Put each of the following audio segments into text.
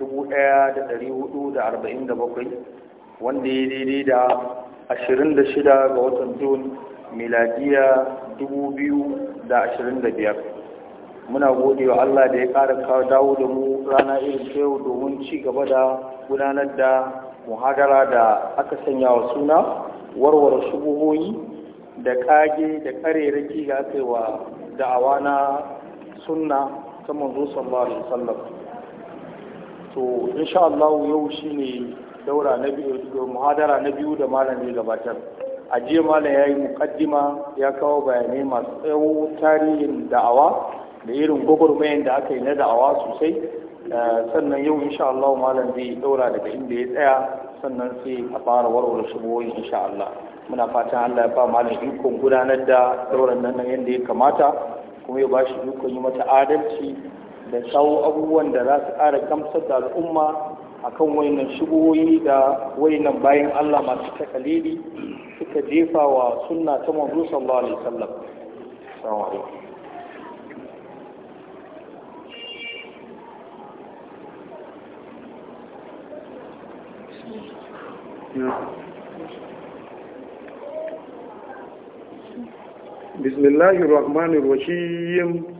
1447 wanda ya daidai da 26 ga watan jun miladiya 2025 muna gode wa Allah da ya ƙara kawo dawo da mu rana irin yau domin ci gaba da gudanar da muhadara da aka sanya wa suna warware shubuhoyi da kage da kareraki ga aka yi wa da'awa na sunna ta manzo sallallahu alaihi to insha Allah yau shine daura na biyu muhadara na biyu da malam zai gabatar a jiya malam ya yi mukaddima ya kawo bayanai masu tsawo tarihin da'awa da irin gwagwarmayan da aka yi na da'awa sosai eh, sannan yau insha Allah malam zai daura daga inda ya tsaya sannan sai a fara warware shubuhoyin insha Allah muna fatan Allah ya ba malam ikon gudanar da dauran nan yadda ya kamata kuma ya ba shi dukkan yi mata adalci da kawo abubuwan da za su ƙara gamsar da al'umma kan wainan shigoyi da wainan bayan Allah masu takalili suka jefa wa sunna ta manzo sallallahu alaihi wasallam بسم الله الرحمن الرحيم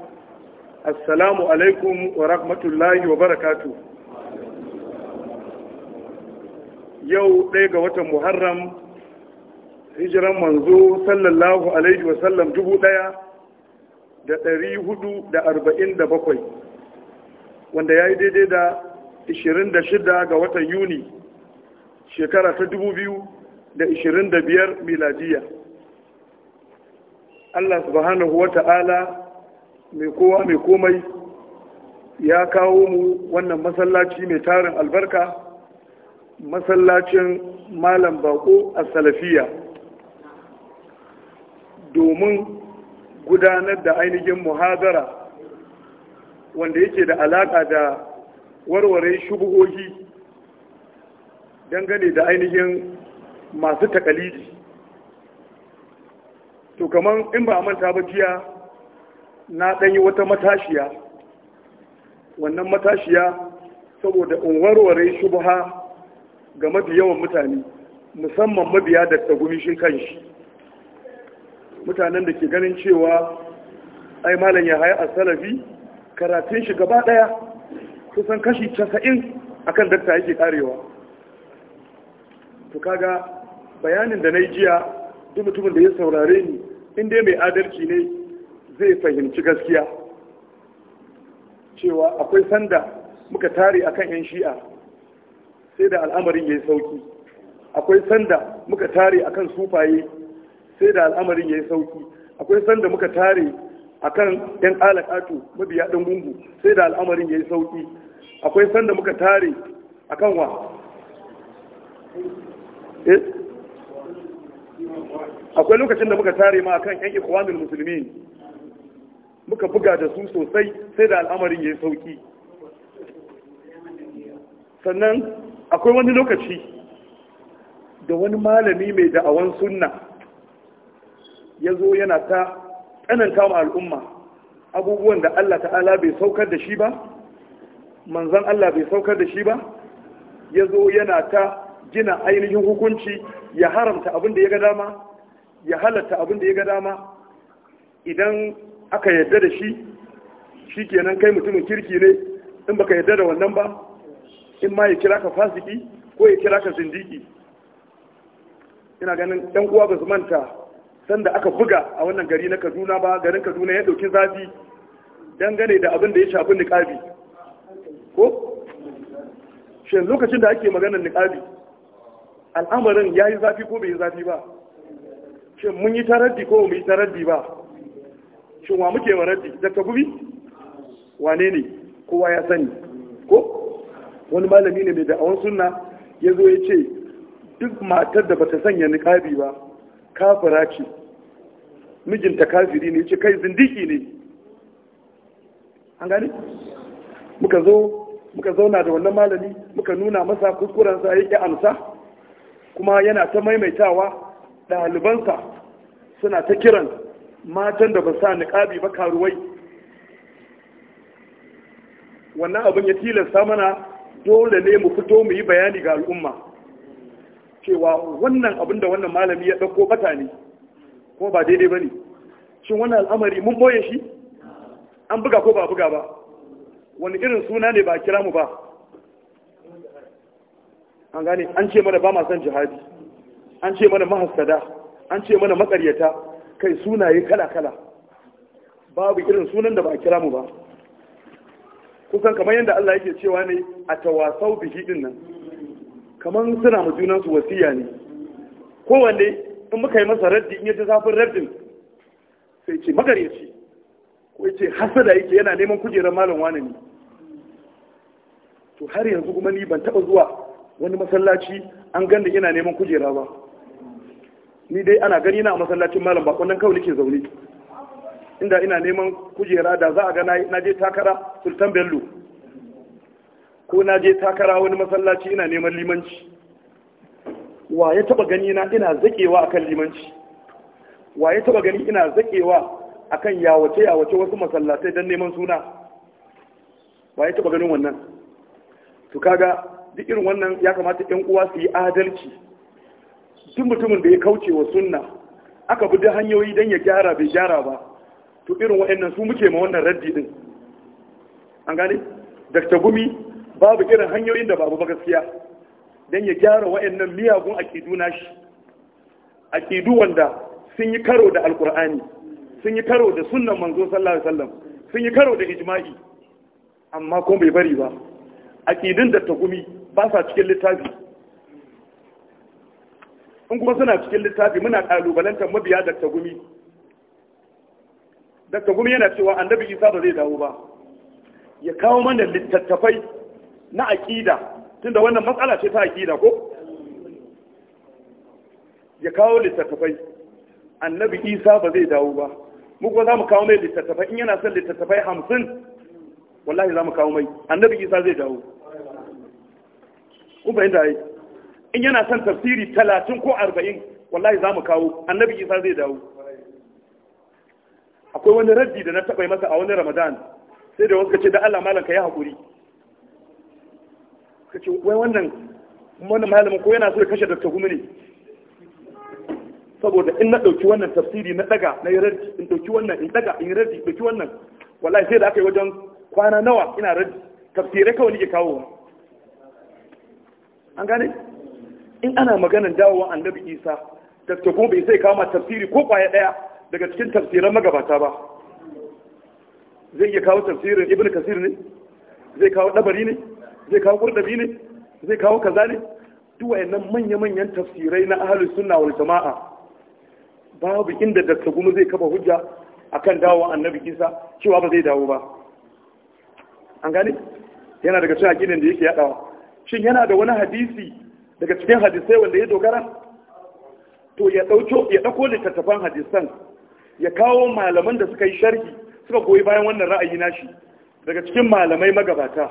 assalamu alaikum wa rahmatullahi wa barakatu yau ɗaya ga watan muharram hijiran manzo sallallahu alaihi wa sallam dubu ɗaya da ɗari hudu da arba'in da bakwai wanda ya yi daidai da ishirin da shida ga watan yuni shekara ta dubu biyu da ishirin da biyar miladiya Allah subhanahu wa ta'ala mai kowa mai komai ya kawo mu wannan masallaci mai tarin albarka masallacin malam bako a salafiya domin gudanar da ainihin muhadara wanda yake da alaƙa da warware shubuhohi dangane da ainihin masu takalidi to kamar in ba a manta ba jiya na ɗanyi wata matashiya wannan matashiya saboda unwarware warware shubha ga mafi yawan mutane musamman mabiya da tagumi shi kanshi mutanen da ke ganin cewa ai malam ya haya a salafi karatun shi gaba ɗaya kusan kashi casa'in kan dakta yake ƙarewa. to ga bayanin da na jiya duk mutumin da ya saurare ni inda mai adalci ne zai fahimci gaskiya cewa akwai sanda muka tare akan 'yan shi'a sai da al'amarin ya yi sauki akwai sanda muka tare akan sufaye sai da al'amarin ya yi sauki akwai sanda muka tare akan 'yan alaƙatu mabiya ɗan gungu sai da al'amarin ya yi sauki akwai sanda muka tare akan wa eh? akwai lokacin da muka tare ma akan 'yan ikwamin musulmi muka buga da su sosai sai da al'amarin ya yi sauki sannan akwai wani lokaci da wani malami mai da'awan sunna ya zo yana ta tsananta kama al'umma abubuwan da Allah ta'ala bai saukar da shi ba manzan Allah bai saukar da shi ba ya zo yana ta gina ainihin hukunci ya haramta abin da ya ga dama ya halatta abin da ya ga dama idan aka yadda da shi shi kenan kai mutumin kirki ne in baka yadda da wannan ba in ma ya kira ka fasiki ko ya kira ka zindiki ina ganin ɗan uwa ba su manta sanda aka buga a wannan gari na kaduna ba garin kaduna ya ɗauki zafi dangane da abin da ya shafi niƙabi ko shi lokacin da ake maganar niƙabi al'amarin ya yi zafi ko bai yi zafi ba shin mun yi taraddi ko mu yi taraddi ba shin wa muke wa raddi daga gubi wane ne kowa ya sani ko wani malami ne mai da'awan sunna ya zo ya ce duk matar da bata sanya nikabi ba kafira ce mijinta kafiri ne ce kai zindiki ne an gani muka zo muka zauna da wannan malami muka nuna masa kuskurensa ya ƙi amsa kuma yana ta maimaitawa ɗalibansa suna ta kiran matan da ba sa niƙabi ba karuwai wannan abin ya tilasta mana dole ne mu fito mu yi bayani ga al'umma cewa wannan abin da wannan malami ya ɗauko bata ne ko ba daidai ba ne shin wannan al'amari mun boye shi an buga ko ba buga ba wani irin suna ne ba kira mu ba an gane an ce mana ba masan son jihadi an ce mana mahaskada an ce mana matsaryata kai sunaye kala-kala babu irin sunan da ba a kira mu ba kusan kamar yadda Allah yake cewa ne a tawasau bihi din nan kamar suna mu su wasiya ne kowanne in muka yi masa raddi in yadda zafin raddin sai ce magareci ko ya ce hasada yake yana neman kujerar malon wane ne to har yanzu kuma ni ban taba zuwa wani masallaci an ganda yana neman kujera ba ni dai ana gani na a masallacin malam ba nan kawai nake zaune inda ina neman kujera da za a ga na je takara sultan bello ko na je takara wani masallaci ina neman limanci wa ya taba gani na ina zakewa akan limanci wa ya taba gani ina zakewa akan yawace yawace wasu masallatai don neman suna wa ya taba ganin wannan to kaga duk irin wannan ya kamata ƴan uwa su yi adalci Sun mutumin da ya kauce wa sunna aka bi hanyoyi don ya gyara bai gyara ba to irin wa'annan su muke ma wannan raddi din an gane dakta gumi babu irin hanyoyin da babu ba gaskiya don ya gyara wa'annan miyagun akidu nashi akidu wanda sun yi karo da alkur'ani sun yi karo da sunnan manzo sallallahu alaihi wasallam sun yi karo da ijma'i amma ko bai bari ba akidin dakta gumi ba sa cikin littafi in kuma suna cikin littafi muna kalubalantar mabiya da tagumi da tagumi yana cewa annabi isa ba zai dawo ba ya kawo mana littattafai na aƙida tunda wannan matsala ce ta aƙida ko ya kawo littattafai annabi isa ba zai dawo ba mu kuma za mu kawo mai littattafai in yana son littattafai hamsin wallahi za mu kawo mai annabi isa zai dawo kun fahimta yi in yana son tafsiri talatin ko arba'in wallahi za mu kawo annabi isa zai dawo akwai wani raddi da na taɓa masa a wani ramadan sai da wasu ka ce da allah malam ka yi haƙuri ka ce wai wannan wannan malamin ko yana so ya kashe dr gumi ne saboda in na ɗauki wannan tafsiri na ɗaga na yi raddi in ɗauki wannan in ɗaga in yi raddi ɗauki wannan wallahi sai da aka yi wajen kwana nawa ina raddi tafsirai kawai nake kawo an gane in ana maganar dawowar annabi isa da kuma bai sai kama tafsiri ko kwaya daya daga cikin tafsiran magabata ba zai iya kawo tafsirin ibn kasir ne zai kawo dabari ne zai kawo kurdabi ne zai kawo kaza ne duk wayannan manya-manyan tafsirai na ahlus sunna wal jama'a babu inda da kuma zai kafa hujja akan dawowa annabi isa cewa ba zai dawo ba an gane yana daga cikin akidan da yake yadawa shin yana da wani hadisi daga cikin hadisai wanda ya dogara to ya ɗauko littattafan hadisan ya kawo malaman da suka yi sharhi suka goyi bayan wannan ra'ayi nashi daga cikin malamai magabata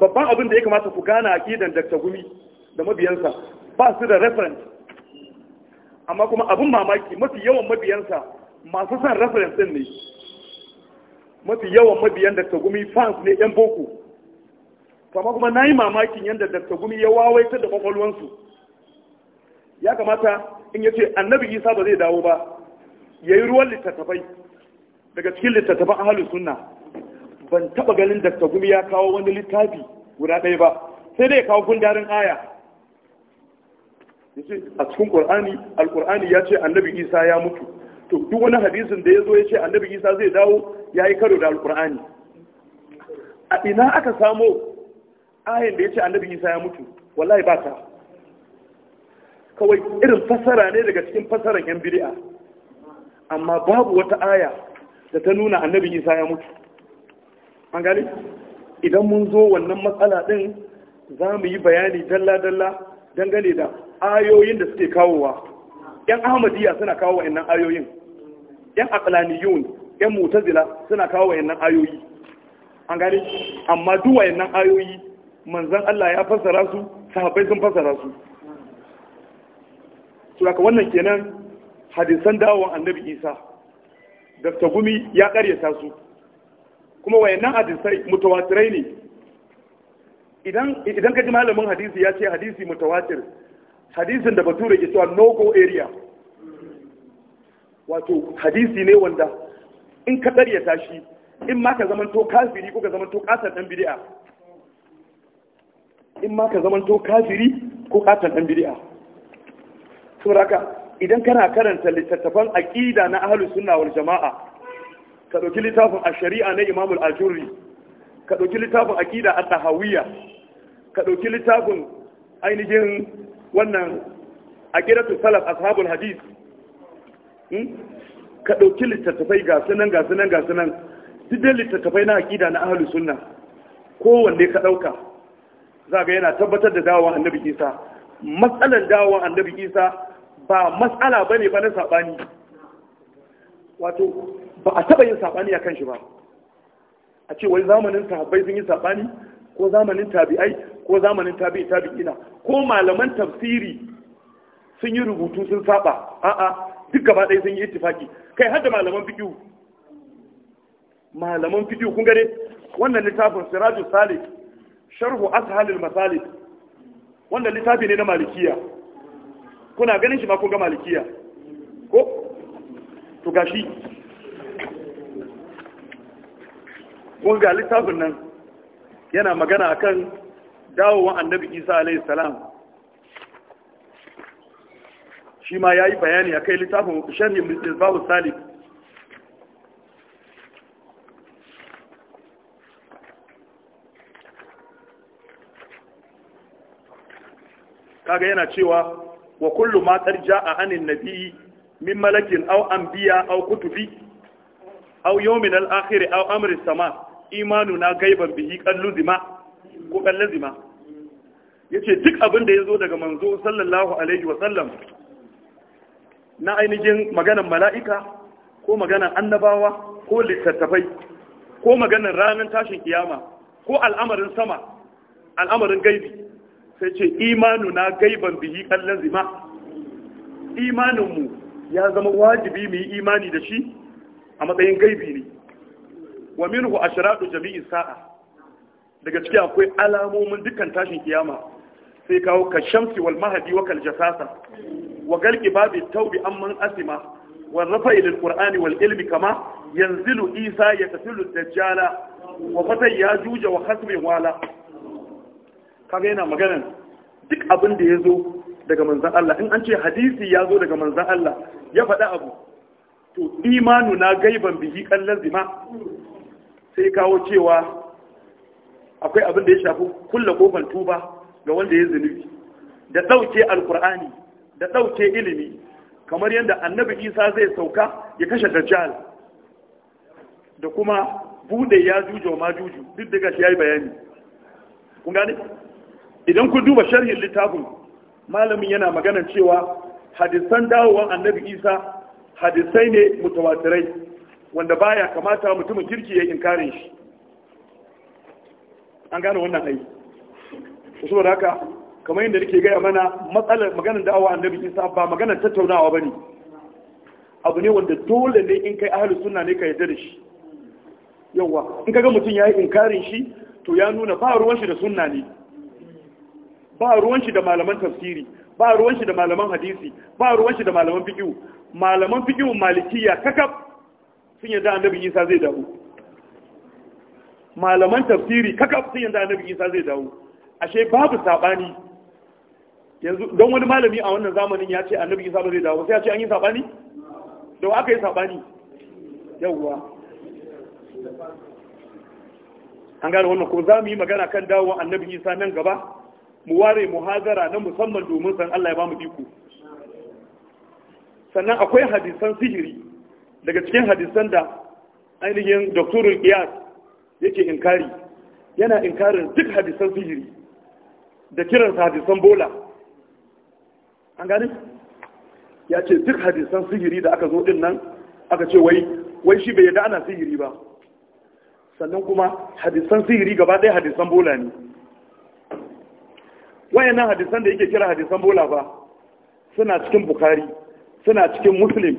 babban abin da ya kamata ku gane akidan dr gumi da mabiyansa ba su da reference amma kuma abin mamaki mafi yawan mabiyansa masu son reference ɗin ne mafi yawan mabiyan dr gumi fans ne yan boko kama kuma na yi mamakin yadda dakta gumi ya wawaita da kwakwalwansu ya kamata in yace annabi isa ba zai dawo ba ya yi ruwan littattafai daga cikin littattafan ahalin sunna ban taba ganin dakta gumi ya kawo wani littafi guda ɗaya ba sai dai ya kawo gundarin aya ya ce a cikin ƙur'ani alƙur'ani ya ce annabi isa ya mutu to duk wani hadisin da ya zo ya ce annabi isa zai dawo ya yi karo da alƙur'ani a ina aka samo ayin da ya ce annabi isa ya mutu wallahi ba ta kawai irin fasara ne daga cikin fasaran yan biri'a, amma babu wata aya da ta nuna annabi isa ya mutu an gani idan mun zo wannan matsala din za mu yi bayani dalla-dalla dangane da ayoyin da suke kawowa yan ahmadiyya suna kawo wa'annan ayoyin yan akalaniyun yan mutazila suna kawo wa'annan ayoyi an gani amma duk wa'annan ayoyi manzan Allah ya fassara su sahabbai sun fassara su to haka wannan kenan hadisan dawon annabi Isa da tagumi ya karyata su kuma wayannan hadisai mutawatirai ne idan idan ka ji malamin hadisi ya ce hadisi mutawatir hadisin da bature ke cewa no go area wato hadisi ne wanda in ka karyata shi in ma ka zamanto kafiri ko ka zamanto kasar dan bid'a in ma ka zamanto kafiri ko katon ɗan bid'a saboda haka idan kana karanta littattafan aƙida na ahlus sunna wal jama'a ka ɗauki littafin a sharia na imamul ajuri ka ɗauki littafin aƙida a tahawiyya ka ɗauki littafin ainihin wannan aqidatu salaf ashabul hadith hmm? ka ɗauki littattafai ga sunan ga sunan ga sunan duk littattafai na aƙida na ahlus sunna kowanne ka ɗauka za ga yana tabbatar da dawon annabi isa matsalar dawon annabi isa ba matsala bane ba na saɓani. wato ba a taɓa yin a kan shi ba a ce wai zamanin sahabbai sun yi saɓani? ko zamanin tabi'ai ko zamanin tabi'i tabi'ina ko malaman tafsiri sun yi rubutu sun saɓa? a'a duk gaba ɗaya sun yi ittifaki kai har da malaman fiqh malaman fiqh kun gare wannan littafin sirajus salih sharhu ashalil masalib wanda littafi ne na malikiya kuna ganin shi ma kun ga malikiya ko to gashi kun ga littafin nan yana magana akan dawowan annabi isa alayhi salam shi ma yayi bayani akai littafin sharhi mutazabus salih kaga yana cewa wa kullu ma tarja'a anin nabiyyi min malakin aw anbiya aw kutubi aw yawmin al-akhir aw amri sama imanu na gaiban bihi kalluzima ko kalluzima yace duk abin da yazo daga manzo sallallahu alaihi wa sallam na ainihin maganan mala'ika ko maganan annabawa ko littattafai ko maganan ranar tashin kiyama ko al'amarin sama al'amarin gaibi sai ce imanu na gaiban bihi kallon zima imaninmu ya zama wajibi mu yi imani da shi a matsayin gaibi ne wa minhu ashratu jami'in sa'a daga ciki akwai alamomin dukkan tashin kiyama sai kawo ka shamsi wal mahadi wa kal wa galqi babi tawbi amman asima wa rafa'i qur'ani wal ilmi kama yanzilu isa yatasilu dajjala wa ya yajuja wa khasmi wala kaga yana maganan duk abin da ya zo daga manzan Allah in an ce hadisi ya zo daga manzan Allah ya faɗa abu to imanu na gaiban bihi kallon zima sai kawo cewa akwai abin da ya shafi kulla kofar tuba ga wanda ya zunubi da ɗauke alkur'ani da ɗauke ilimi kamar yadda annabi isa zai sauka ya kashe dajjal da kuma bude ya juju ma juju duk daga shi ya yi bayani kun idan ku duba sharhin littafin malamin yana magana cewa hadisan dawowar annabi isa hadisai ne mutawatirai wanda baya kamata mutumin kirki ya inkarin shi an gane wannan ai usul haka kamar yadda nake gaya mana matsalar maganar da'awa annabi isa ba maganar tattaunawa bane abu ne wanda dole ne in kai ahlus sunna ne ka yarda da shi Yawwa, in kaga mutum ya yi inkarin shi to ya nuna ba ruwan shi da sunna ne ba ruwan shi da malaman tafsiri ba ruwan shi da malaman hadisi ba ruwan shi da malaman fiqh malaman fiqh malikiya kakab sun yadda annabi Isa zai dawo malaman tafsiri kakab sun yadda annabi Isa zai dawo ashe babu sabani yanzu don wani malami a wannan zamanin ya ce annabi Isa ba zai dawo sai ya ce an yi sabani da aka yi sabani yawwa an gane wannan ko za mu yi magana kan dawo annabi Isa nan gaba mu ware muhadara na musamman domin san Allah ya ba mu iko sannan akwai hadisan sihiri daga cikin hadisan da ainihin doktorul qiyas yake inkari yana inkarin duk hadisan sihiri da kiransa hadisan bola an gani ya ce duk hadisan sihiri da aka zo din nan aka ce wai wai shi bai yadda ana sihiri ba sannan kuma hadisan sihiri gaba ɗaya hadisan bola ne nan hadisan da yake kira hadisan bola ba suna cikin bukari suna cikin muslim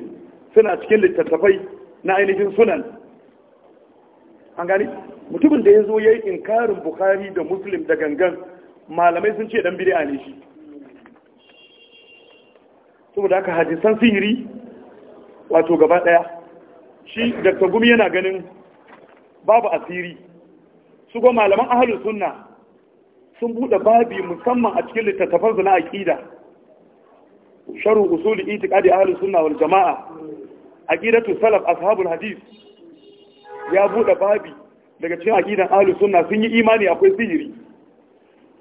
suna cikin littattafai na ainihin sunan an gani mutumin da ya zo ya yi inkarin bukari da muslim da gangan malamai sun ce dan bid'a ne shi saboda haka hadisan sihiri wato gaba daya shi dr gumi yana ganin babu asiri su ga malaman ahalus sunna sun buɗe babi musamman a cikin littattafansu na aƙida sharu usuli itiqadi ahlus sunna wal jamaa aqidatu salaf ashabul hadith ya buɗe babi daga cikin aƙidan ahlus sunna sun yi imani akwai sihiri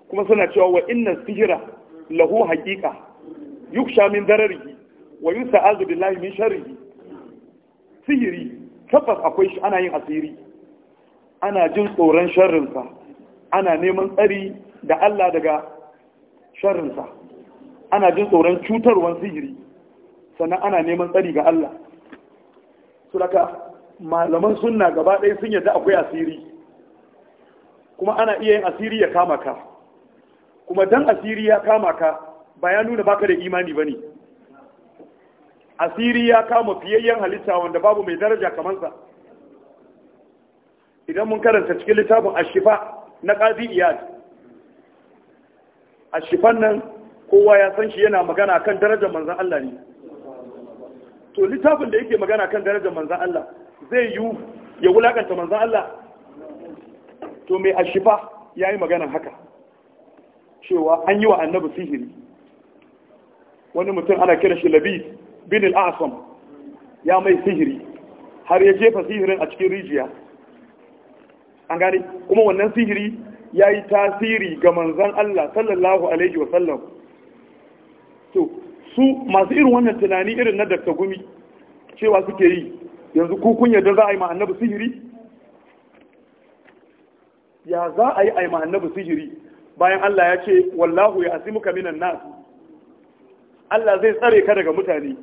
kuma suna cewa wa inna sihira lahu haqiqa Yushamin min dararihi wa yusta'azu billahi min sharrihi sihiri tabbas akwai shi ana yin asiri ana jin tsoron sharrinsa ana neman tsari da Allah daga sharrinsa ana jin tsoron cutarwar sihiri sannan ana neman tsari ga Allah Su suraka malaman sunna gaba ɗaya sun yadda akwai asiri kuma ana iya yin asiri ya kama ka kuma don asiri ya kama ka ba ya nuna baka da imani ba ne. asiri ya kama fiyayyen halitta wanda babu mai daraja kamansa. idan mun karanta cikin littafin ashifa na ƙazi iyali. a shifan nan kowa ya san shi yana magana kan darajar manzan Allah ne to littafin da yake magana kan darajar manzan Allah zai yi ya wulakanta manzan Allah to mai a shifa ya yi magana haka cewa an yi wa annabi sihiri wani mutum ana kira shi labi bin al'asam ya mai sihiri har ya jefa sihirin a cikin rijiya an gane kuma wannan sihiri ya yi tasiri ga manzan Allah sallallahu alaihi wa to su masu irin wannan tunani irin na dakta gumi cewa suke yi yanzu kukun kun yarda za a yi ma'annabu sihiri ya za a yi a yi ma'annabu sihiri bayan Allah ya ce wallahu ya asimuka minan na? Allah zai tsare ka daga mutane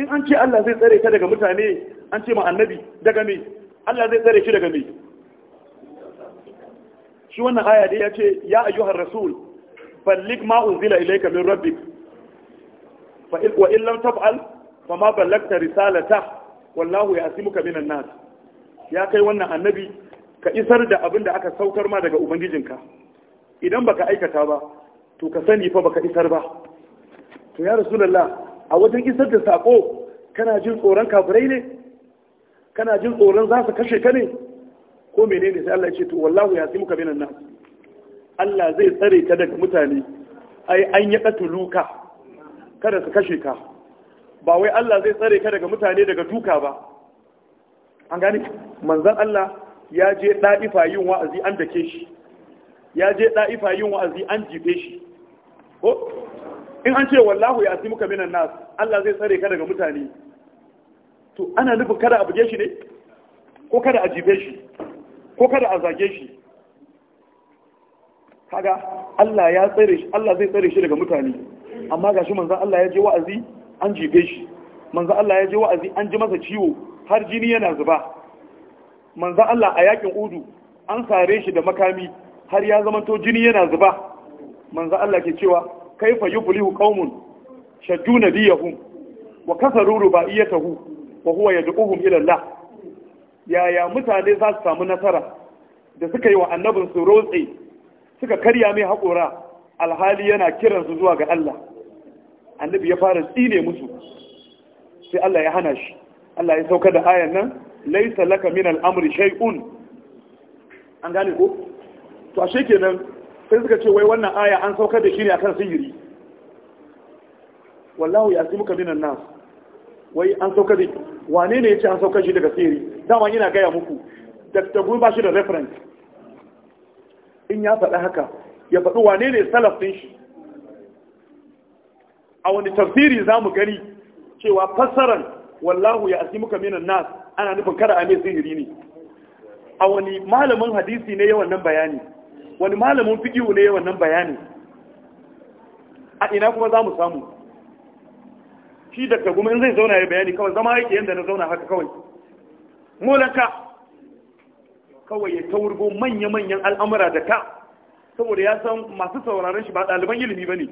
in an ce Allah zai tsare ka daga mutane an ce ma'annabi daga me Allah zai tsare shi daga me shi wannan aya dai ya ce ya ayyuhar rasul ballig ma unzila ilayka min rabbik fa in wa in taf'al fa ma ballagta risalata wallahu ya'simuka minan nas ya kai wannan annabi ka isar da abin da aka saukar ma daga ubangijinka idan baka aikata ba to ka sani fa baka isar ba to ya rasulullah a wajen isar da sako kana jin tsoron kafirai ne kana jin tsoron za su kashe ka ne ko menene sai Allah ya ce to wallahu ya simuka minan nas Allah zai tsare ka daga mutane ai an ya katuluka kada su kashe ka ba wai Allah zai tsare ka daga mutane daga duka ba an gani manzon Allah ya je da'ifa yin wa'azi an dake shi ya je da'ifa yin wa'azi an jife shi ko in an ce wallahu ya asimuka minan nas Allah zai tsare ka daga mutane to ana nufin kada a buge shi ne ko kada a jife shi ko kada a zage shi kaga Allah ya tsare shi Allah zai tsare shi daga mutane amma gashi manzo Allah ya je wa'azi an jibe shi manzo Allah ya je wa'azi an ji masa ciwo har jini yana zuba manzo Allah a yakin Udu an sare shi da makami har ya zama to jini yana zuba manzo Allah ke cewa kaifa yuflihu qaumun shadduna diyahum wa kasaru rubaiyatahu wa huwa yad'uhum ila Allah yaya mutane za su samu nasara da suka yi wa annabin su rotse suka karya mai haƙora alhali yana kiransu zuwa ga Allah annabi ya fara tsine musu sai Allah ya hana shi Allah ya sauka da ayan nan laisa laka min al'amri shay'un an gane ko to ashe kenan sai suka ce wai wannan aya an sauka da shi ne akan sihiri wallahu ya'zimuka minan nas wai an sauka da wane ne ya ce an sauka shi daga sihiri dama yana gaya muku da gumi ba shi da reference in ya faɗi haka ya faɗi wane ne salaf ɗin shi a wani tafsiri za mu gani cewa fassarar wallahu ya asi muka minan nas ana nufin kada a mai sihiri ne a wani malamin hadisi ne yawan nan bayani wani malamin fiɗiwu ne yawan nan bayani a ina kuma za mu samu shi da gumi zai zauna ya bayani kawai zama yake yadda na zauna haka kawai molaka kawai ya taurgo manya-manyan al'amura da ka saboda ya san masu sauraron shi ba ɗaliban ilimi ba ne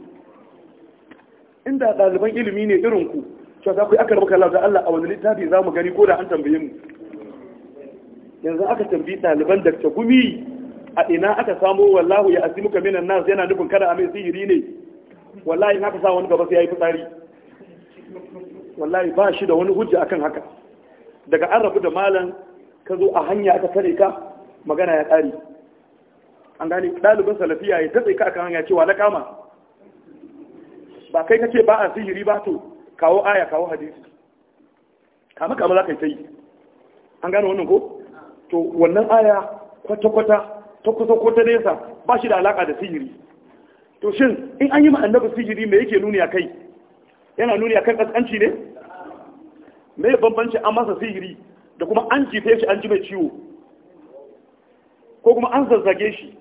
inda ɗaliban ilimi ne irinku cewa za ku yi aka rabu Allah a wani littafi za mu gani ko da an tambaye mu yanzu aka tambi ɗaliban da gumi a ina aka samo wallahu ya muka minan nas yana nufin kada a mai sihiri ne wallahi in aka sa wani gaba sai ya yi fitsari wallahi ba shi da wani hujja akan haka daga an rabu da malam ka zo a hanya aka tare ka magana ya ƙari an gani ɗalibin salafiya ya tatse ka akan hanya cewa na kama ba kai kace ba a sihiri ba to kawo aya kawo hadisi kama kama za ka yi ta yi an gane wannan ko to wannan aya kwata-kwata ta kusa ko ta nesa ba shi da alaƙa da sihiri to shin in an yi ma'annabi sihiri me yake nuni a kai yana nuni a kan ƙasƙanci ne me bambanci an masa sihiri da kuma an jife shi an ji mai ciwo ko kuma an zazzage shi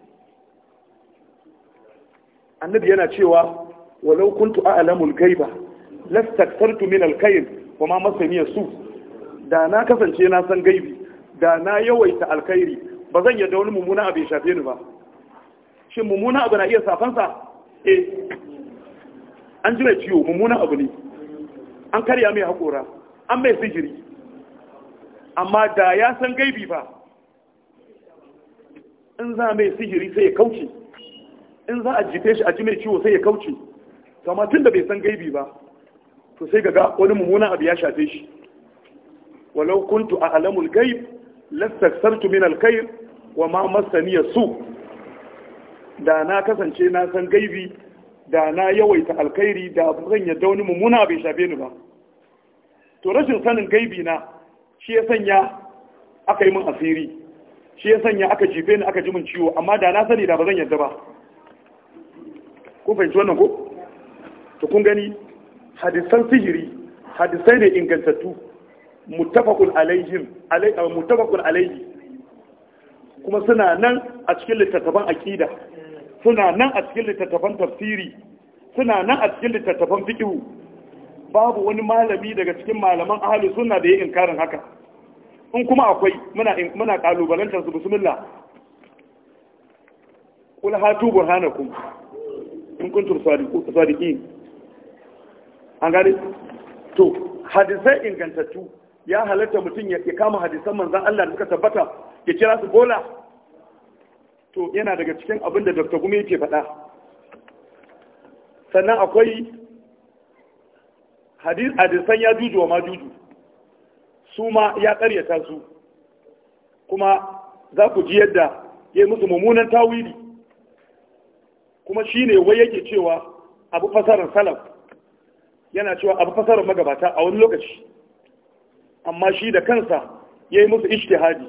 annabi yana cewa walau kuntu a'lamul ghaiba lastaktartu min alkhair wa ma masaniya su da na kasance na san gaibi da na yawaita alkhairi ba zan yadda wani mummuna abu ya shafe ni ba shin mummuna abu na iya safansa eh an ji mai ciwo mummuna abu ne an karya mai haƙora an mai sihiri amma da ya san gaibi ba in za mai sihiri sai ya kauce in za a jife shi a ji mai ciwo sai ya kauce kama tun da bai san gaibi ba to sai ga wani mummuna abu ya shafe shi walau kuntu a alamul gaib sartu min alkhair wa ma masaniya su da na kasance na san gaibi da na yawaita alkairi da zan yadda wani mummuna bai shafe ni ba to rashin sanin gaibi na shi ya sanya aka yi min asiri shi ya sanya aka jife ni aka ji min ciwo amma da na sani da ba zan yarda ba kun fahimci wannan ko to kun gani hadisan sihiri hadisai ne ingantattu muttafaqun alaihim alai eh, muttafaqun alaihi kuma suna nan a cikin littattafan aqida suna nan a cikin littattafan tafsiri suna nan a cikin littattafan fiqh babu wani malami daga cikin malaman ahli sunna da ya inkarin haka in kuma akwai muna muna kalubalantar su bismillah Kula hatu burhanakum in kuntum sadiqin an gane to hadisai ingantattu ya halatta mutum ya kama hadisan manzan Allah da suka tabbata ya kira su bola to yana daga cikin abinda da dr gumi yake faɗa sannan akwai hadisan ya juju wa ma juju su ma ya karyata su kuma za ku ji yadda ya yi musu mummunan tawili kuma shi ne wai yake cewa abu fasarar salaf yana cewa abu fasarar magabata a wani lokaci amma shi da kansa ya yi musu ishtihadi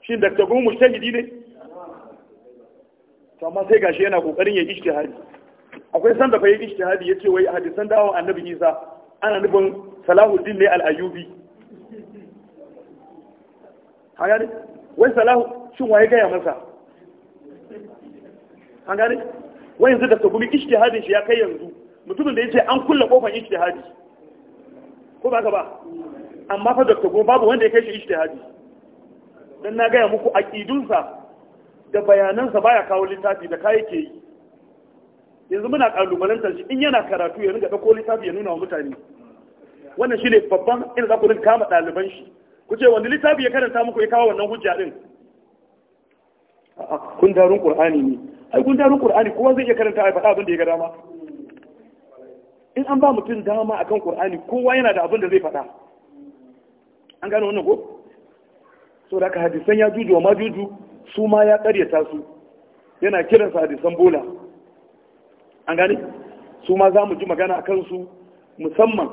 shi da tagun mushtahidi ne Sama sai gashi yana kokarin ya yi ishtihadi akwai sanda fa yi ya yace wai hadisan dawon annabi Isa ana nufin Salahuddin ne al-Ayyubi wai Salahu shin waye gaya masa an wai yanzu da sabuni ijtihadin shi ya kai yanzu mutumin da yace an kulle kofar ijtihadi ko ba ka ba amma fa da sabuni babu wanda ya kai shi ijtihadi dan na gaya muku aqidunsa da bayanansa baya kawo littafi da kai ke yi yanzu muna kalubalantar shi in yana karatu ya ringa dauko littafi ya nuna wa mutane wannan shi ne babban inda za ku ringa kama ɗaliban shi ku ce wanda littafi ya karanta muku ya kawo wannan hujja ɗin kun darun ƙur'ani ne ai kun darun ƙur'ani kowa zai iya karanta a faɗa abin da ya ga dama in an ba mutum dama akan ƙur'ani kowa yana da abin da zai faɗa an gane wannan ko so da ka hadisan ya juju ma juju su ma ya ƙaryata su yana kiransa hadisan bola an gane su ma za mu ji magana a kansu musamman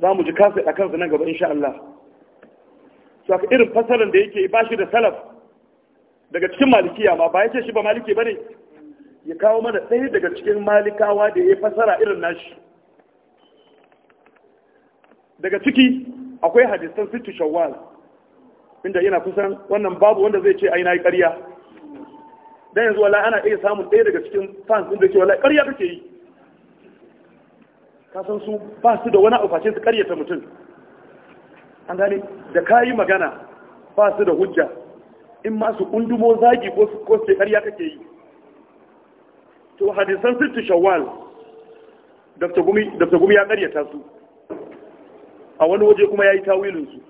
za mu ji kasa a kansu nan gaba in sha Allah su aka irin fasarar da yake ba shi da salaf daga cikin malikiya ma ba ya ce shi ba maliki ba ne ya kawo mana ɗaya daga cikin malikawa da ya fasara irin nashi daga ciki akwai hadisan sittu shawwal inda yana kusan wannan babu wanda zai ce ai na yi ƙarya dan yanzu wala ana iya samun ɗaya daga cikin fans inda da ke wala ƙarya kake yi ka san su ba su da wani abu su ƙaryata mutum an gane da kayi magana ba su da hujja in ma su kundumo zagi ko su su ƙarya kake yi to hadisan sittu shawwal Dr. gumi gumi ya ƙaryata su a wani waje kuma yi tawilin su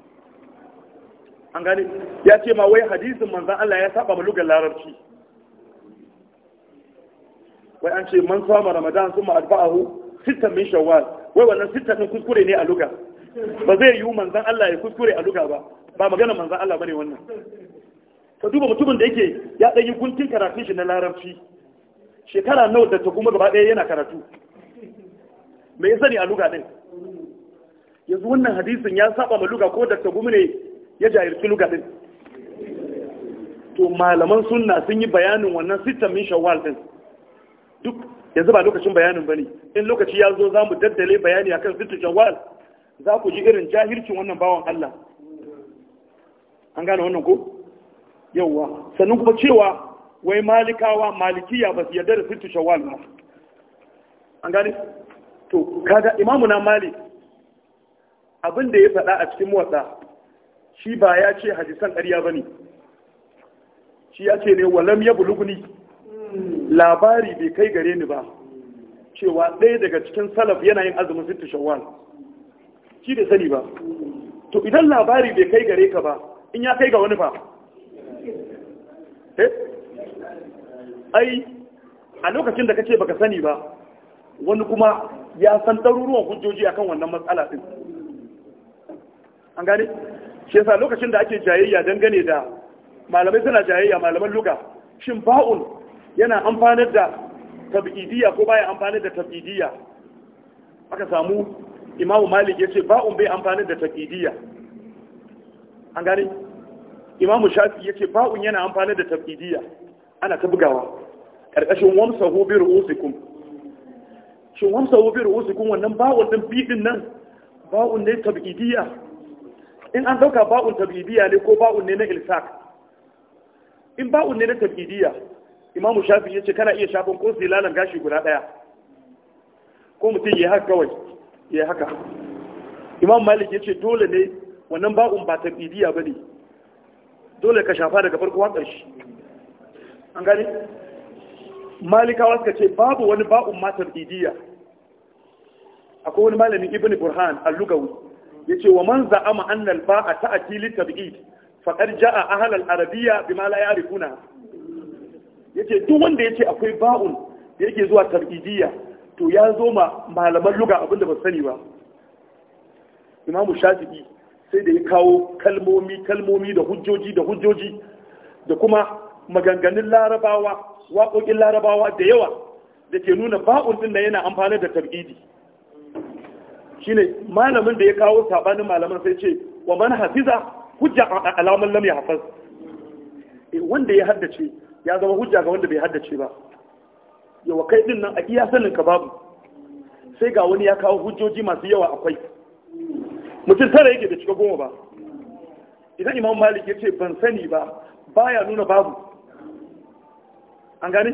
an gane ya ce ma wai hadisin manzan Allah ya saba ma lugar larabci wai an ce man sama ramadan kuma adba'ahu sittan min shawwal wai wannan sittan din kuskure ne a luga ba zai yiwu manzan Allah ya kuskure a luga ba ba magana manzan Allah bane wannan ka duba mutumin da yake ya dan yi guntun karatun shi na larabci shekara nawa da ta kuma gaba ɗaya yana karatu me yasa ne a luga din yanzu wannan hadisin ya saba ma luga ko da ta ne ya jahilci luga din to malaman sunna sun yi bayanin wannan sittan min shawwal din duk yanzu ba lokacin bayanin bane in lokaci ya zo za mu daddale bayani akan sittu jawal za ku ji irin jahilcin wannan bawan Allah an gane wannan ko yawwa sannan kuma cewa wai malikawa malikiya ba su yarda da sittu jawal ba an gane to kaga imamu na malik abin da ya faɗa a cikin motsa shi ba ya ce hadisan ƙarya ba ne shi ya ce ne walam ya buluguni labari bai kai gare ni ba cewa ɗaya daga cikin salaf yana yin azumin sittu shawwal shi da sani ba to idan labari bai kai gare ka ba in ya kai ga wani ba eh? ai a lokacin da kace baka sani ba wani kuma ya san ɗaruruwan hujjoji akan wannan matsala din an gane shi yasa lokacin da ake jayayya dangane da malamai suna jayayya malaman luga shin ba'un yana amfanar da tabidiyya ko baya amfanar da tabidiyya aka samu imamu malik ya ce ba'un bai amfanar da tabidiyya an gane imamu shafi ya ce ba'un yana amfanar da tabidiyya ana ta bugawa ƙarƙashin wamsa biyar usikum shin wamsa biyar usikum wannan ba'un din bidin nan ba'un ne tabidiyya in an dauka ba'un tabidiyya ne ko ba'un ne na ilsak in ba'un ne na tabidiyya imamu shafi ya ce kana iya shafin ko zilalan gashi guda ɗaya ko mutum ya haka kawai ya haka imam malik ya ce dole ne wannan ba'un ba tabidiya ba ne dole ka shafa daga farko har ƙarshe an gani malikawa suka ce babu wani ba'un ma tabidiya akwai wani malamin ibn burhan al-lugawi ce wa man za'ama anna ba baa ta'ati tabi'id faɗar faqad ja'a ahla Arabiya arabiyya bima la ya'rifuna Yake duk wanda yace akwai ba'un da yake zuwa tarkidiyya to ya zo ma malaman luga abinda ba sani ba imamu shafi'i sai da ya kawo kalmomi kalmomi da hujjoji da hujjoji da kuma maganganun larabawa waƙoƙin larabawa da yawa dake nuna ba'un din da yana amfana da tarbidi shine malamin da ya kawo sabanin malaman sai ce wa man hafiza hujja alaman lam yahfaz eh, wanda ya haddace ya zama hujja ga wanda bai haddace ba yawa kai din nan a iya sanin ka babu sai ga wani ya kawo hujjoji masu yawa akwai mutum tara yake da cika goma ba idan imam malik ya ce ban sani ba baya nuna babu an gane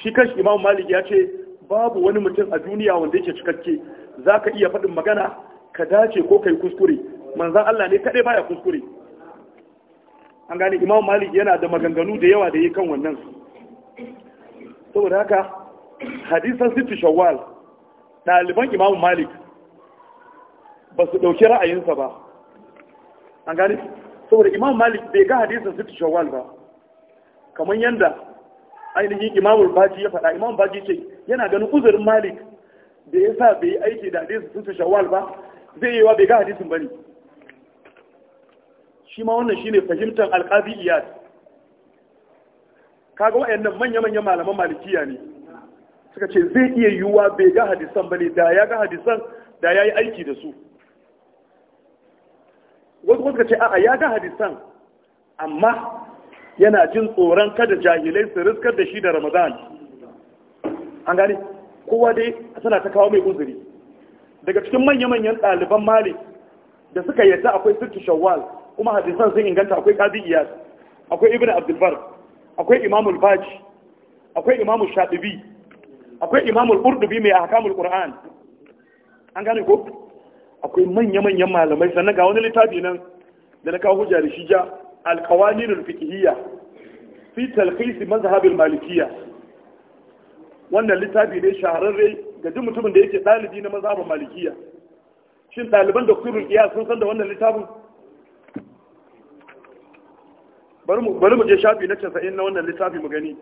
shi shi imam malik ya ce babu wani mutum a duniya wanda yake cikakke za ka iya faɗin magana ka dace ko ka yi kuskure manzan allah ne kaɗai baya kuskure an gane imam malik yana da maganganu da yawa da yi kan wannan saboda haka hadisan sittu shawwal ɗaliban imam malik ba su ɗauki ra'ayinsa ba an gane saboda imam malik bai ga hadisan sittu shawwal ba kamar yadda ainihin imam baji ya faɗa imam baji ce yana ganin uzurin malik da ya sa bai aiki da hadisan sittu shawwal ba zai yi wa bai ga hadisin ba ne shi ma wannan shine fahimtar alqazi iyad kaga nan manya manya malaman malikiya ne suka ce zai iya yiwuwa bai ga hadisan ne da ya ga hadisan da ya yi aiki da su wasu suka ce a'a ya ga hadisan amma yana jin tsoron kada jahilai su riskar da shi da ramadan an gani kowa dai suna ta kawo mai uzuri daga cikin manya-manyan ɗaliban malik da suka yadda akwai sirki shawwal kuma hadisan sun inganta akwai qadi iyas akwai ibnu abdul bar akwai imam al faji akwai imam shatibi akwai imam al-qurdubi mai ahkamul qur'an an gane ko akwai manya manyan malamai sannan ga wani littafi nan da na kawo hujja da shi ja al-qawanin al-fiqhiyya fi talqis mazhab al-malikiyya wannan littafi ne shahararre ga duk mutumin da yake dalibi na mazhabin malikiyya shin ɗaliban da iyas sun san da wannan littafin bari mu je shafi na casa'in na wannan littafi mu gani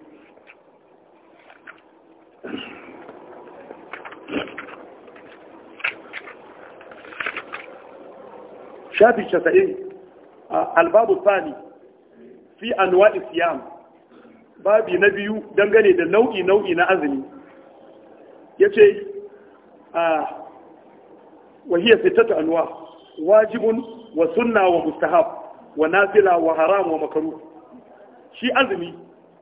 shafi casa'in albabu sani fi anwa isiyam babi na biyu dangane da nau'i-nau'i na azumi ya ce a wahiyar fitattu anuwa wajibun wa sunna wa mustahab wa nafila wa haram wa makaru shi azumi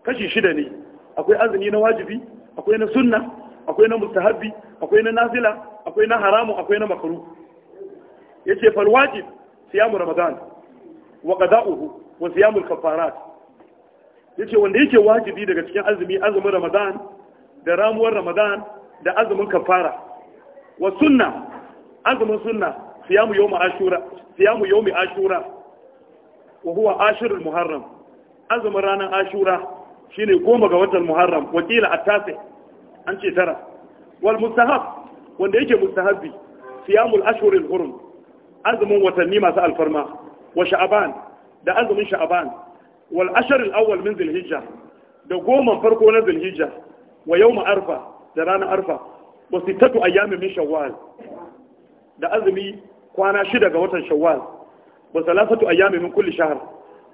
kashi shida ne akwai azumi na wajibi akwai na sunna akwai na mustahabbi akwai na nafila akwai na haramu akwai na makaru yace fal wajib siyamu ramadan wa qada'uhu wa al kafarat yace wanda yake wajibi daga cikin azumi azumin ramadan da ramuwar ramadan da azumin kafara wa sunna azumin sunna siyamu yawm ashura siyamu yawm ashura wa ashirin muharram azumin ranar ashura shine goma ga watan muharram wakila attasi an ce tara wal mustahab wanda yake mustahabi siyamul ashhuril hurum azumin watanni masu alfarma wa sha'aban da azumin sha'aban wal asharil awwal min zulhijja da goman farko na zulhijja wa yawma arfa da ranar arfa wa sittatu ayyamin min shawwal da azumi kwana shida ga watan shawwal wa salasatu ayyami min kulli shahr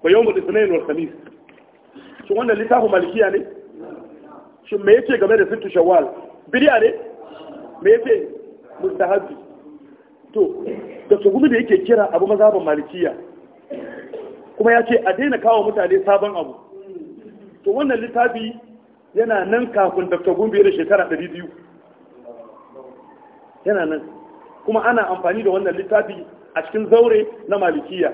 wa yawm al-ithnain wal khamis shi wannan littafin malikiya ne shi me yake game da sittu shawwal bidiya ne me yake mustahabi to da su gumi da yake kira abu mazhabin malikiya kuma ya ce a daina kawo mutane sabon abu to wannan littafi yana nan kafin dr gumbe da shekara 200 yana nan kuma ana amfani da wannan littafi a cikin zaure na malikiya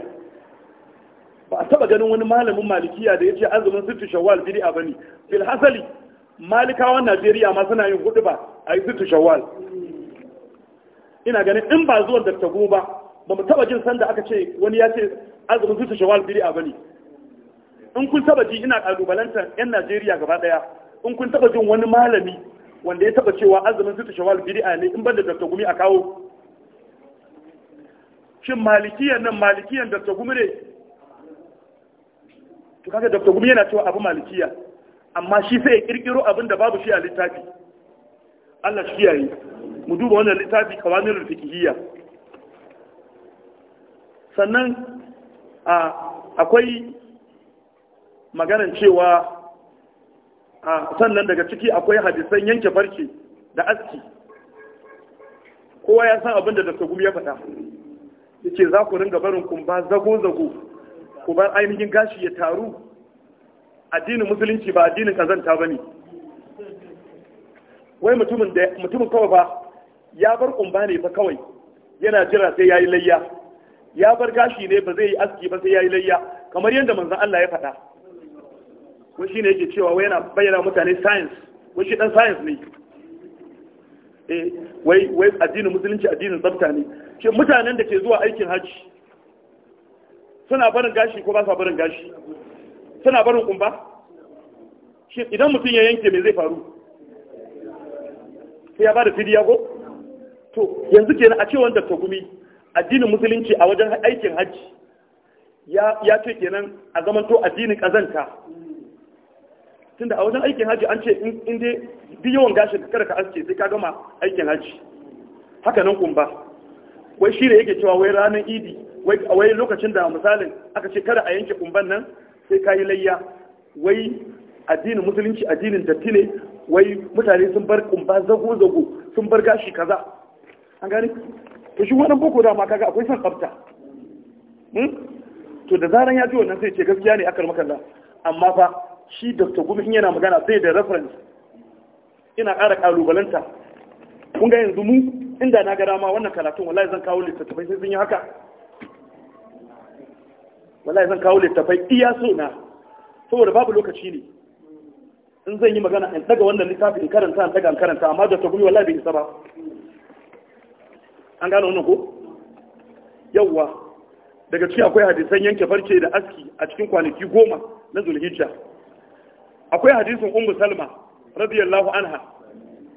ba a taba ganin wani malamin malikiya da ya ce azumin sittu shawwal bid'a bane fil hasali malikawan Najeriya ma suna yin hudu ba a yi sittu shawwal ina ganin in ba zuwan da ba ba mu taba jin sanda aka ce wani ya ce azumin sittu shawwal bid'a ne. in kun taba ji ina kalubalanta yan Najeriya gaba daya in kun taba jin wani malami wanda ya taba cewa azumin sittu shawwal bid'a ne in banda da gumi a kawo shin malikiyan nan malikiyan dr gumi ne to kaga dr gumi yana cewa abu malikiya amma shi sai ya kirkiro abin da babu shi a littafi Allah shi yayi mu duba wannan littafi kawanin fiqhiyya sannan a akwai maganan cewa a sannan daga ciki akwai hadisan yanke farce da aski kowa ya san abin da dr gumi ya faɗa ce za ku ringa barin kumba zago zago ku bar ainihin gashi ya taru addinin musulunci ba addinin kazanta bane wai mutumin da kawai ba ya bar kumba ne fa kawai yana jira sai yayi layya ya bar gashi ne ba zai yi aski ba sai yayi layya kamar yadda manzon Allah ya faɗa shi shine yake cewa wai yana bayyana mutane science wani shi dan science ne Eh, wai wai addinin musulunci addinin tsafta ne shi mutanen da ke zuwa aikin hajji suna barin gashi ko ba sa barin gashi suna barin kumba shi idan mutum ya yanke me zai faru sai ya ba da fidiya ko to yanzu kenan a cewa da gumi addinin musulunci a wajen aikin hajji ya ce kenan a zamanto addinin kazanta tunda a wajen aikin haji an ce in dai duk yawan gashin kada ka aske sai ka gama aikin haji haka nan kumba wai shi da yake cewa wai ranar idi wai lokacin da misalin aka ce kada a yanke kumban nan sai ka yi layya wai addinin musulunci addinin datti ne wai mutane sun bar kumba zago-zago sun bar gashi kaza an gani to shi wani boko dama kaga akwai son tsafta hmm? to da zaran ya ji wannan sai ce gaskiya ne akal makalla amma fa shi dr gumi yana magana sai da reference ina ƙara ƙalubalanta kun ga yanzu mu inda na ga ma wannan karatun wallahi zan kawo littattafai sai sun yi haka wallahi zan kawo littattafai iya so na saboda babu lokaci ne in zan yi magana in daga wannan littafi in karanta in daga in karanta amma da tagumi wallahi bai isa ba an gano wannan ko yawwa daga ciki akwai hadisan yanke farce da aski a cikin kwanaki goma na zulhijja akwai hadisin umu salma radiyallahu anha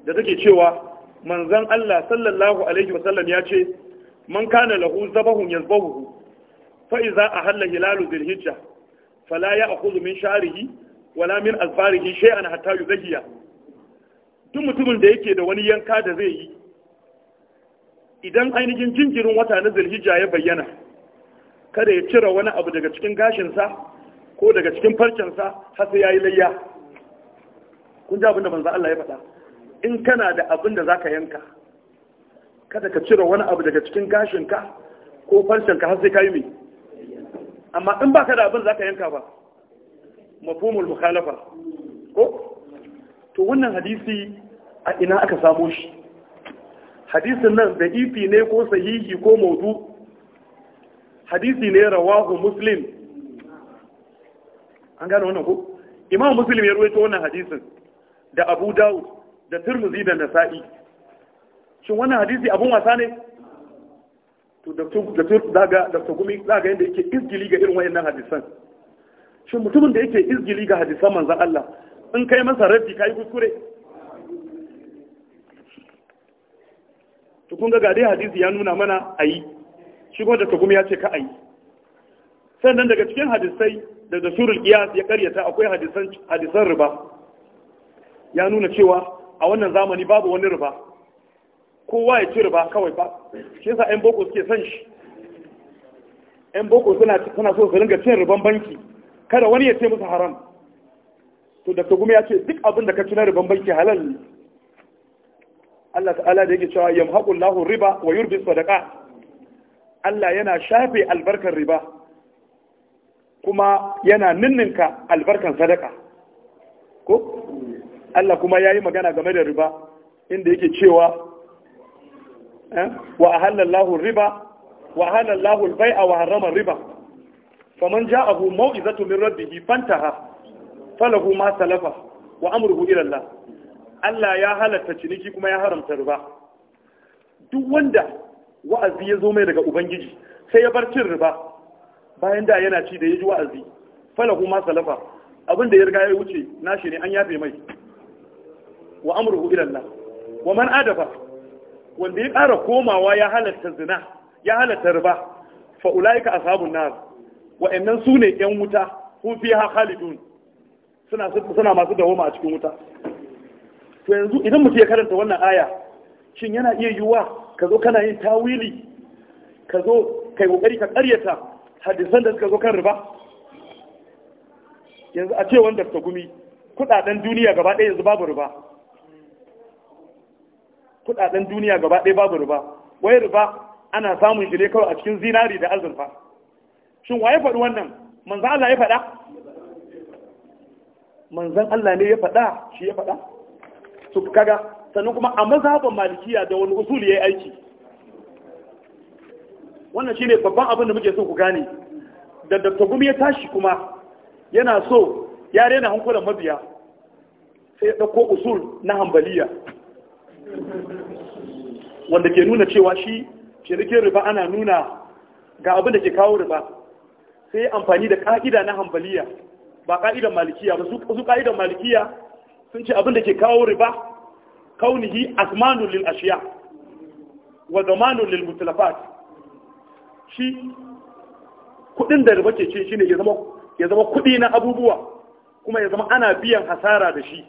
da take cewa manzan Allah sallallahu alaihi wasallam ya ce man kana lahu zabahun yazbahu fa iza ahalla hilalu hijja, fala ya'khudhu min sha'rihi wala min azbarihi shay'an hatta yuzahiya duk mutumin da yake da wani yanka da zai yi idan ainihin jinjirin wata na zulhijja ya bayyana kada ya cire wani abu daga cikin gashinsa ko daga cikin farkensa, har sai yayi layya kun ji abin da manzo Allah ya faɗa in kana da abin da zaka yanka kada ka cire wani abu daga cikin gashinka ko farkenka, har sai kayi mai amma in baka da abin zaka yanka ba mafhumul mukhalafa ko to wannan hadisi a ina aka samo shi hadisin nan da ifi ne ko sahihi ko maudu hadisi ne rawahu muslim an gane wannan ko imam muslim ya ruwaito wannan hadisin da abu dawud da turmuzi da nasa'i shin wannan hadisi abun wasa ne to da da daga da gumi ga yadda yake izgili ga irin wayannan hadisan shin mutumin da yake izgili ga hadisan manzan Allah in kai masa raddi kayi kuskure to kun ga dai hadisi ya nuna mana ayi shi kuma da gumi ya ce ka ayi sannan daga cikin hadisai Daga surul qiyas ya karyata akwai hadisan hadisan riba ya nuna cewa a wannan zamani babu wani riba kowa ya ci riba kawai ba shi yasa ɗan boko suke son shi ɗan boko suna suna so su ringa cin riban banki kada wani ya ce musu haram to da kuma ya ce duk abin da ka ci na riban banki halal ne Allah ta'ala da yake cewa yamhaqullahu riba wa yurbi sadaqa Allah yana shafe albarkar riba kuma yana ninninka albarkan sadaka ko Allah kuma ya yi magana game da riba inda yake cewa eh, wa ahallallahu riba wa ahallallahu albai'a wa harrama riba faman ja'ahu mau'izatu min rabbih fantaha falahu ma salafa wa amruhu ila Allah Allah ya halatta ciniki kuma ya haramta riba duk wanda wa'azi ya zo mai daga ubangiji sai ya bar cin riba bayan da yana ci da ya ji wa'azi fala kuma salafa abin da ya riga ya wuce nashi ne an yafe mai wa amruhu ila wa man adafa wanda ya ƙara komawa ya halatta zina ya halatta riba fa ulaika ashabun nar wa'annan su ne yan wuta hum fiha khalidun suna suna masu dawoma a cikin wuta to yanzu idan mutum ya karanta wannan aya shin yana iya yiwuwa ka zo kana yin tawili ka zo kai kokari ka karyata hadisan da suka zo kan riba yanzu a ce wanda ta gumi kudaden duniya gaba ɗaya yanzu babu riba kudaden duniya gaba ɗaya babu riba wai riba ana samun shi ne kawai a cikin zinari da azurfa shin waye faɗi wannan manzan Allah ya faɗa manzan Allah ne ya faɗa shi ya faɗa su kaga sannan kuma a mazhaban malikiya da wani usuli ya yi aiki wannan shi ne babban abin da muke so ku gane da dr gumi ya tashi kuma yana so ya rena hankulan mabiya sai ya ɗauko usul na hambaliya wanda ke nuna cewa shi shirikin riba ana nuna ga abin da ke kawo riba sai ya amfani da ka'ida na hambaliya ba ka'idan malikiya ba su ka'idan malikiya sun ce abin da ke kawo riba kaunihi Asmanu lil ashiya wa zamanu lil mutlafat shi kudin da rubace ke ci shine ya zama ya zama kudi na abubuwa kuma ya zama ana biyan hasara da shi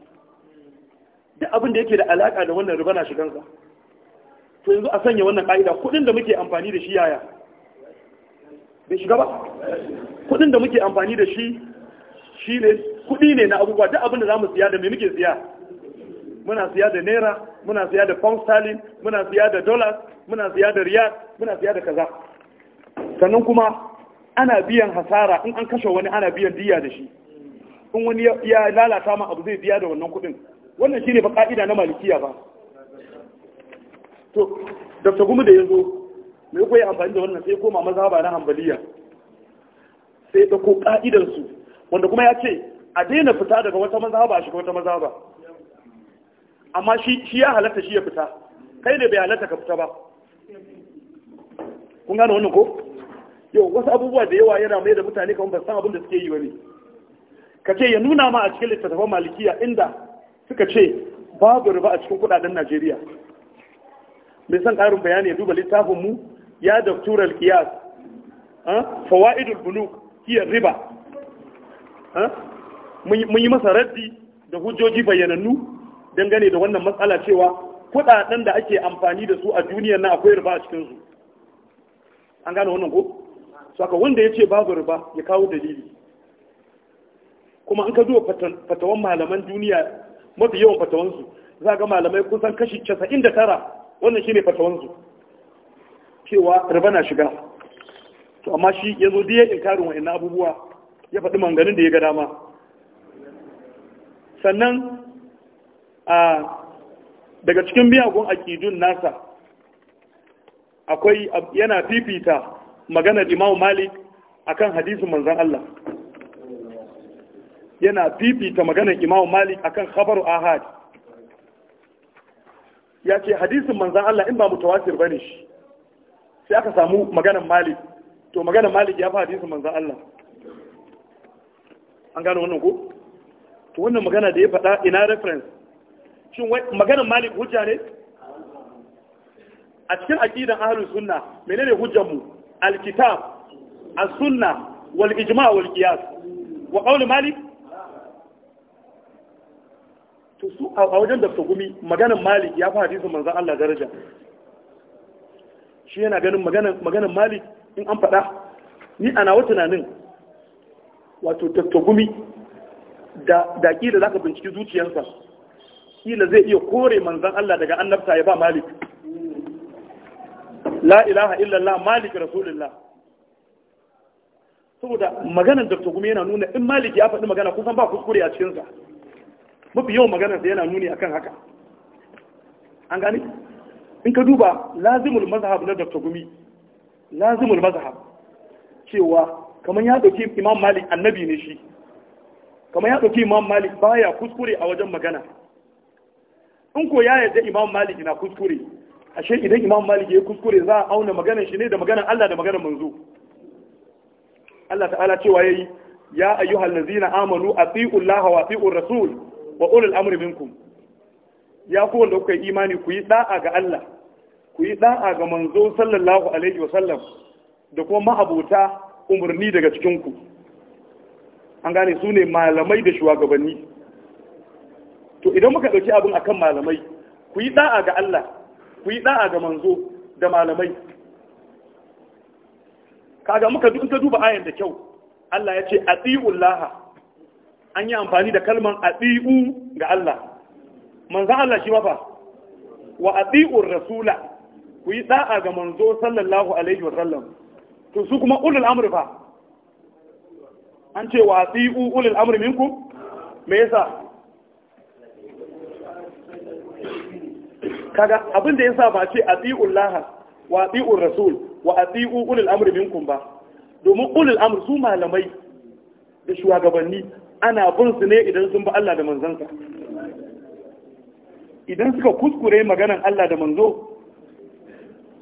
duk abin da yake da alaka da wannan rubana na shigansa to yanzu a sanya wannan ka'ida kudin da muke amfani da shi yaya bai shiga ba kudin da muke amfani da shi shi ne kudi ne na abubuwa duk abin da za mu siya da me muke siya muna siya da naira muna siya da pound sterling muna siya da dollars muna siya da riyal muna siya da kaza sannan kuma ana biyan hasara in an kashe wani ana biyan diya da shi in wani ya lalata ma abu zai biya da wannan kudin wannan shine ba ka'ida na malikiya ba to dr gumi da ya zo mai koyi amfani da wannan sai koma mazhaba na hambaliya sai ya ɗauko ka'idansu wanda kuma ya ce a daina fita daga wata mazhaba a shiga wata mazhaba amma shi ya halatta shi ya fita kai ne bai halatta ka fita ba kun gane wannan ko yau wasu abubuwa da yawa yana mai da mutane kamar ba san abin da suke yi ba ne ka ce ya nuna ma a cikin littattafan malikiya inda suka ce babu riba a cikin kudaden najeriya mai son karin bayani ya duba littafin mu ya turar kiyas fawaidul buluk Kiyar riba mun yi masa raddi da hujjoji bayyanannu dangane da wannan matsala cewa kudaden da ake amfani da su a duniyar na akwai riba a cikinsu an gane wannan ko saka wanda ya ce babu riba ya kawo dalili kuma an ka zo fatawan malaman duniya mafi yawan fatawansu za ga malamai kusan kashi 99 wannan shi ne fatawansu cewa riba na shiga to amma shi ya zo diya inkarin wa'in abubuwa ya faɗi manganin da ya ga dama sannan a daga cikin miyagun akidun nasa akwai yana fifita maganar imamu Malik akan hadisin manzan Allah yana fifita maganar imamu Malik akan khabaru ahad ya ce hadisin manzan Allah in ba mutawatir bane shi sai aka samu maganar Malik to maganar Malik ya fi hadisin manzan Allah an gano wannan ko to wannan magana da ya faɗa ina reference shin maganar Malik hujja ne a cikin aqidan ahlus sunna menene hujjar mu Alkitab, السنة والإجماع والقياس وقول مالك to su a wajen da maganin malik ya fi hadisin manzan Allah daraja shi yana ganin maganin malik in an faɗa ni ana wa tunanin wato dr da ƙila za ka binciki zuciyarsa ƙila zai iya kore manzan Allah daga annabta ya ba malik la ilaha illallah malik rasulullah saboda maganar dr gumi yana nuna in maliki ya faɗi magana kusan ba kuskure a cikinsa mafi yawan maganar da yana nuni akan haka an gani in ka duba lazimul mazhab na dr gumi lazimul mazhab cewa kamar ya ɗauki imam malik annabi ne shi kamar ya ɗauki imam malik baya kuskure a wajen magana in ko ya yarda imam malik na kuskure ashe idan imam malik ya kuskure za a auna maganar shi ne da maganar Allah da maganar manzo Allah ta'ala cewa yayi ya ayyuhal ladzina amanu atiiu Allah wa atiiu rasul wa ulul amri minkum ya ku wanda kuka yi imani ku yi da'a ga Allah ku yi da'a ga manzo sallallahu alaihi wa sallam da kuma ma'abota umarni daga cikin ku an gane su ne malamai da shugabanni to idan muka dauki abin akan malamai ku yi da'a ga Allah ku yi da'a ga manzo da malamai kaga muka duk ta duba ayan da kyau Allah ya ce atiullaha an yi amfani da kalman atiu ga Allah manzo Allah shi mafa wa atiur rasula ku yi da'a ga manzo sallallahu alaihi wa sallam to su kuma ulul amri fa an ce wa atiu ulul amri minkum me yasa kaga abin da yasa ba ce ati'ul laha wa ati'ur rasul wa ati'u ulul amri minkum ba domin ulul amr su malamai da shugabanni ana bin su ne idan sun bi Allah da manzansa idan suka kuskure maganan Allah da manzo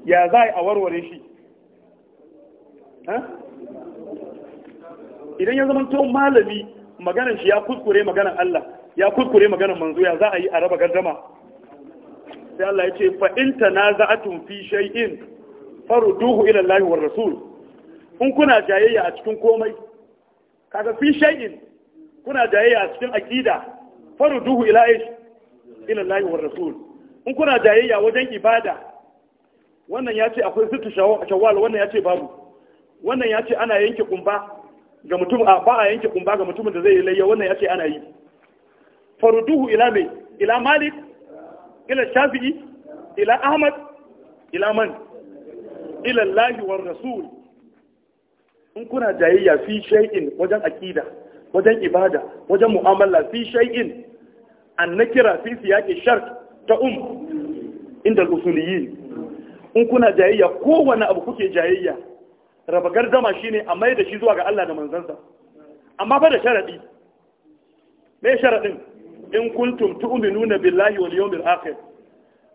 ya za a warware shi idan ya zama to malami maganan shi ya kuskure maganan Allah ya kuskure maganan manzo ya za a yi a raba gardama sai Allah ya ce fa in tanaza'atum fi shay'in farduhu ila Allah war rasul in kuna jayayya a cikin komai kaga fi shay'in kuna jayayya a cikin akida farduhu ila ish ila Allah war rasul in kuna jayayya wajen ibada wannan ya ce akwai sittu shawwal wannan ya ce babu wannan ya ce ana yanke kumba ga mutum a ba a yanke kumba ga mutumin da zai yi layya wannan ya ce ana yi farduhu ila mai ila malik ila shafi'i ila ahmad ila man ila allahi rasul in kuna jayayya fi shay'in wajen aqida wajen ibada wajen mu'amala fi shay'in an nakira fi siyaqi shart ta um inda usuliyin in kuna jayayya kowane abu kuke jayayya raba gardama shine a mai da shi zuwa ga Allah da manzansa amma fa da sharadi me sharadin in kuntum tu'minuna billahi wal yawmil akhir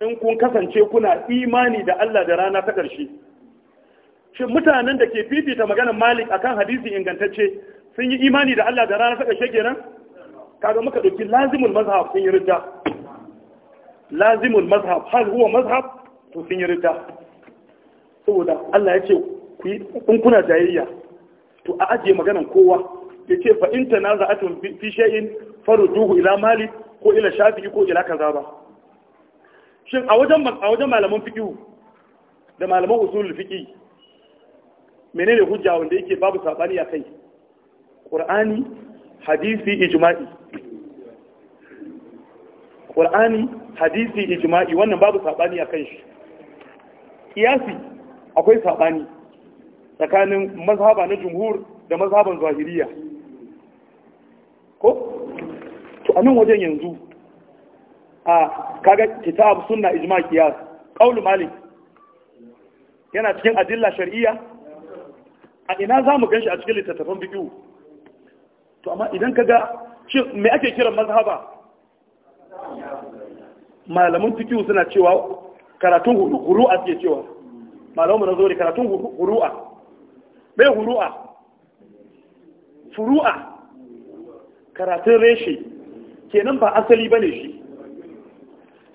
in kun kasance kuna imani da Allah da rana ta ƙarshe shin mutanen da ke fifita maganar Malik akan hadisi ingantacce sun yi imani da Allah da rana ta ƙarshe kenan kaga muka dauki lazimul mazhab sun yi ridda lazimul mazhab hal huwa mazhab to sun yi ridda saboda Allah ya ce in kuna jayayya to a ajiye maganar kowa ya ce fa in tanaza'atun fi shay'in farudduhu ila malik ko ila Shafi ko ila kaza ba shin a wajen a wajen malaman fiqh da malaman usulul fiqh menene hujja wanda yake babu sabani a kai qur'ani hadisi ijma'i qur'ani hadisi ijma'i wannan babu sabani a kan shi kiyasi akwai sabani tsakanin mazhaba na jumhur da mazhaban zahiriya ko to a nan wajen yanzu a kaga kitab sunna ijma qiyas qaul malik yana cikin adilla shar'iyya a ina za mu ganshi a cikin littattafan biyu to amma idan kaga me ake kiran mazhaba Malamin fikihu suna cewa karatun huru'a ke cewa malamu na zori karatun huru'a bai huru'a furu'a karatun reshe kenan ba asali bane shi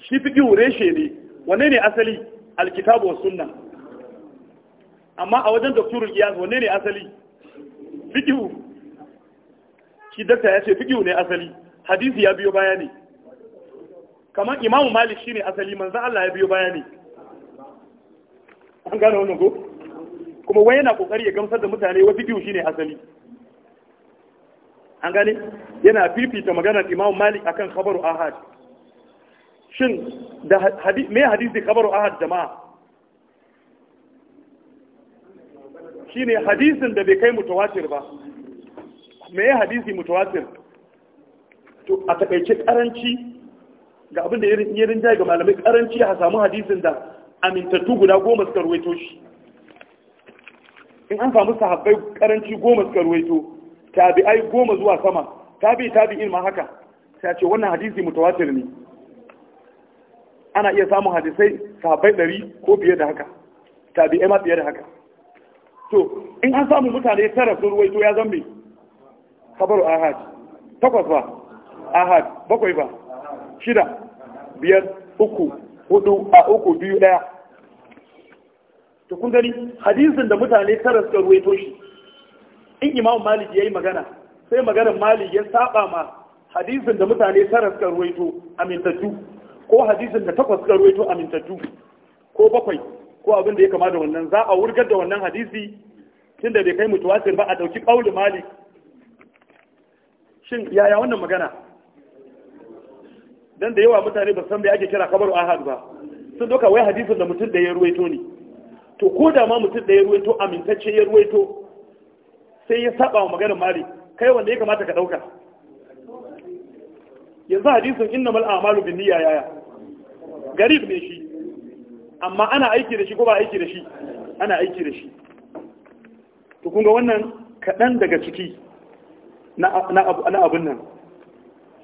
shi fiqhu reshe ne wanne ne asali alkitabu was sunna amma a wajen doktorul qiyas wanne ne asali fiqhu shi dakta ya ce fiqhu ne asali hadisi ya biyo baya ne kamar imamu malik shine asali manzo Allah ya biyo baya ne an gane wannan ko kuma wai yana kokari ya gamsar da mutane wa fiqhu shine asali an gani yana fifita maganar imam malik akan khabaru ahad shin da me hadisi khabaru ahad jama'a shine hadisin da bai kai mutawatir ba me hadisi mutawatir to a takaice karanci ga abin da ya rinjaye ga malamai karanci a samu hadisin da amintattu guda goma suka ruwaito shi in an samu sahabbai karanci goma suka ruwaito tabi'ai goma zuwa sama tabi tabi'in ma haka sai ce wannan hadisi mutawatir ne ana iya samun hadisai sahabbai ɗari ko biye da haka tabi'ai ma biye da haka to in an samu mutane tara sun ruwaito ya zambe kabaru ahad takwas ba ahad bakwai ba shida biyar uku hudu a uku biyu daya to kun gani hadisin da mutane tara suka ruwaito shi in imam malik yi magana sai maganar malik ya saba ma hadisin da mutane tara suka ruwaito amintattu ko hadisin da takwas suka ruwaito amintattu ko bakwai ko abin da ya kama da wannan za a wurgar da wannan hadisi tun da bai kai mutuwatir ba a dauki kauli malik shin yaya wannan magana dan da yawa mutane ba san bai ake kira kabaru ahad ba sun doka wai hadisin da mutum da ya ruwaito ne to ko da ma mutum da ya ruwaito amintacce ya ruwaito sai ya saba wa maganar mali, kai wanda ya kamata ka dauka yanzu hadisin innamal a'malu bin niyya yaya garib ne shi amma ana aiki da shi ko ba aiki da shi ana aiki da shi to kun ga wannan kaɗan daga ciki na abin nan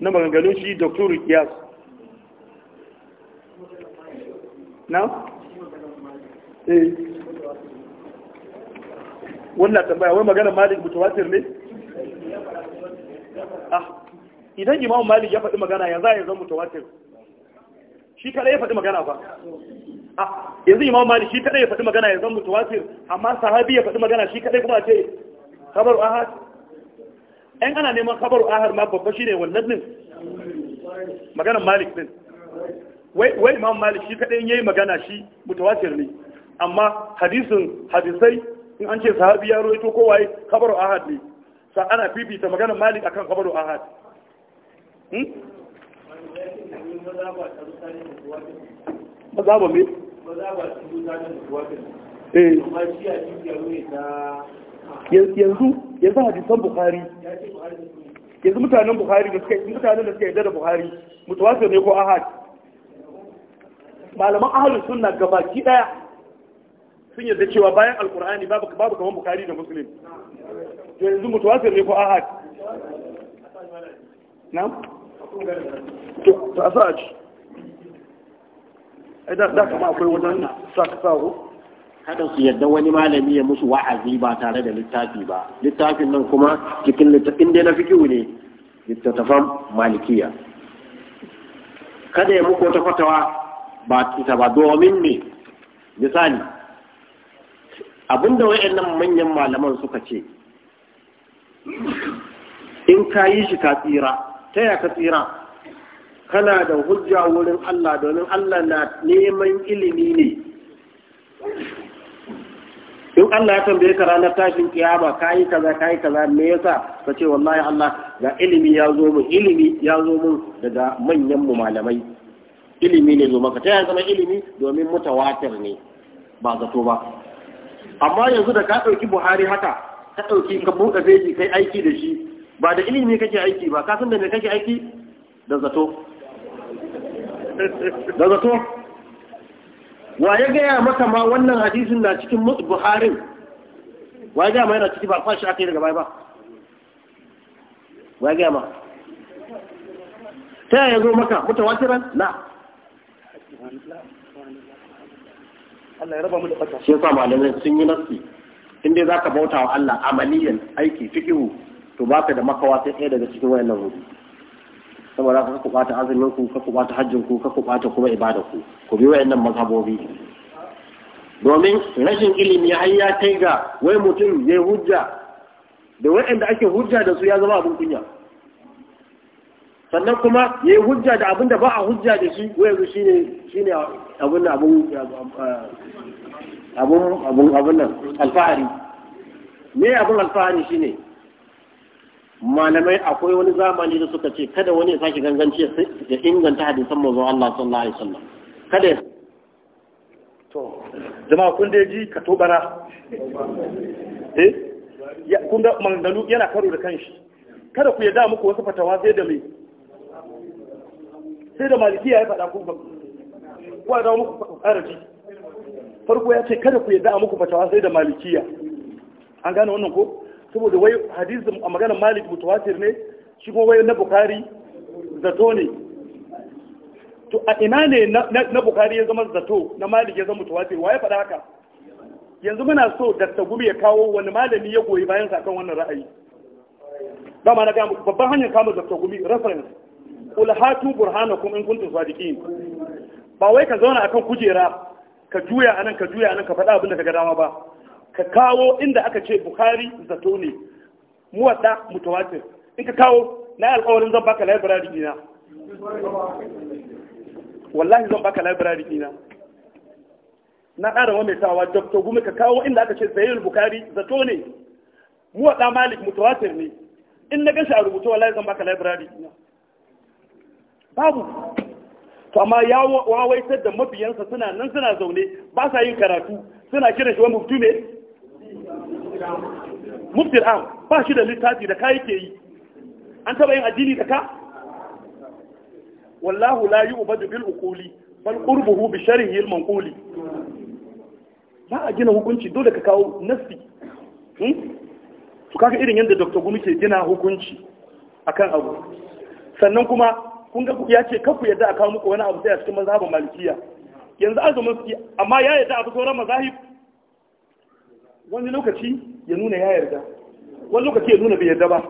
na maganganun shi doktor kiyas na? eh wannan tambaya wai maganar malik mutawatir ne ah, idan imamu malik ya faɗi magana yanzu ya zama mutawatir shi kada ya faɗi magana ba ah, yanzu imamu malik shi kada ya faɗi magana ya zama mutawatir amma sahabi ya faɗi magana shi kada kuma ce kabaru ahad ɗan ana neman kabaru ahad ma babba shi ne wannan din maganar malik din wai imamu malik shi kada yayi magana shi mutawatir ne amma hadisin hadisai in an ce sahabi ya roito ko waye khabaru ahad ne sa ana fifita maganar malik akan khabaru ahad hmm maza ba me eh. yanzu yanzu hadisan bukhari yanzu mutanen bukhari da suka mutanen da suka yi da bukhari mutawatir ne ko ahad malaman ahlus sunna gabaki daya sun yadda cewa bayan alkur'ani babu babu kamar bukari da muslim to yanzu mutawasir ne ko ahad na to asa a ci ai da da kama akwai wajen saka sako kada su yadda wani malami ya musu wa'azi ba tare da littafi ba littafin nan kuma cikin littafin da na fikihu ne littattafan malikiya kada ya muku wata fatawa ba ita ba domin ne misali abinda wayannan manyan malaman suka ce in ka yi shi ka tsira ta ya ka tsira kana da hujja wurin Allah domin Allah na neman ilimi ne in Allah ya tambaye ka ranar tashin kiyama yi kaza yi kaza me yasa ka ce wallahi Allah ga ilimi ya zo mu, ilimi ya zo mu daga manyan mu malamai ilimi ne zo maka ta ya zama ilimi domin mutawatir ne ba zato ba amma yanzu da ka ɗauki buhari haka ka ɗauki ka buɗe feji kai aiki da shi ba da ilimi kake aiki ba ka san da me kake aiki da zato da zato wa ya gaya maka ma wannan hadisin na cikin buharin wa ya gaya ma yana ciki ba kwashi aka yi daga baya ba wa ya gaya ma ta yaya zo maka mutawatiran na Allah ya raba mu malamai sun yi nassi in dai zaka bauta wa Allah amaliyan aiki fikihu to baka da makawa sai ɗaya daga cikin wayannan hudu saboda ka ku azumin ku ka ku hajjin ku ka ku kuma ibada ku ku bi wayannan mazhabobi domin rashin ilimi har ya kai ga wai mutum ya hujja da wayanda ake hujja da su ya zama abin kunya sannan kuma ya yi hujja da abinda da ba a hujja da shi ko yanzu shi ne abin abin nan alfahari me abin alfahari shi ne malamai akwai wani zamani da suka ce kada wani ya sake ganganci ya inganta hadisan manzon Allah sallallahu alaihi wasallam kada ya to jama'a kun dai ji ka tobara eh kun da mandalu yana karo da kanshi kada ku ya damu muku wasu fatawa sai da mai sai da malikiya ya faɗa kuma kuwa da muku ƙarafi farko ya ce kada ku yadda a muku fatawa sai da malikiya an gane wannan ko saboda wai hadisin a maganar malik mutawatir ne shi kuma wai na bukari zato ne to a ina ne na bukari ya zama zato na malik ya zama mutawatir ya faɗa haka yanzu muna so dakta gumi ya kawo wani malami ya goyi bayan sa kan wannan ra'ayi dama na gama babban hanyar kama dakta gumi reference ulhatu burhanakum in kuntum sadiqin ba wai ka zauna akan kujera ka juya anan ka juya anan ka faɗa abin da ga dama ba ka kawo inda aka ce bukhari zato ne muwadda mutawatir in ka kawo na alƙawarin zan baka library dina wallahi zan baka library dina na ƙara sawa dr gumi ka kawo inda aka ce sayyid bukari zato ne mu wa malik mutawatir ne in na gashi a rubuta wallahi zan baka library babu to amma ya wawaitar da mabiyansa suna nan suna zaune ba sa yin karatu suna kiran shi wani mufti ne muftir am ba shi da littafi da kayi ke yi an taba yin addini da ka wallahu la yu'badu bil uquli bal qurbuhu bi sharhi al manquli ba a gina hukunci dole ka kawo nafsi hmm? to kaga irin yadda Dr. Gumi ke gina hukunci akan abu sannan kuma kun ga ya ce kafu yadda a kawo muku wani abu sai a cikin mazhabin malikiya yanzu azumin su amma ya yadda abu sauran mazahib wani lokaci ya nuna ya yarda wani lokaci ya nuna bai yarda ba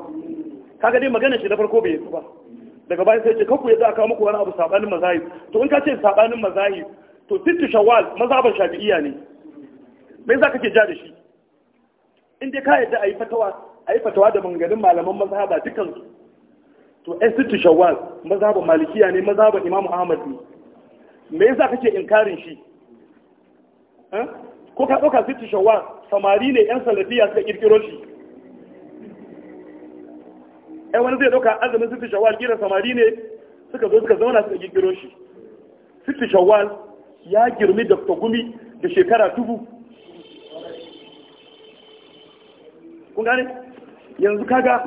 kaga dai magana shi na farko bai yarda ba daga bayan sai ce kafu yadda a kawo muku wani abu sabanin mazahib to in ka ce sabanin mazahib to sittu shawwal mazhaban shafi'iyya ne me yasa kake ja da shi in dai ka yadda a yi fatawa a yi fatawa da manganin malaman mazhaba su to ai sittu shawwal mazhabin malikiya ne mazhabin imamu ahmad ne me yasa kake inkarin shi eh? ko ka ɗauka sittu shawwal samari ne yan salafiya suka kirkiro shi ai eh, wani zai ɗauka azumin sittu shawwal kira samari ne suka zo suka zauna suka kirkiro shi sittu shawwal ya girmi da gumi da shekara dubu kun gane yanzu kaga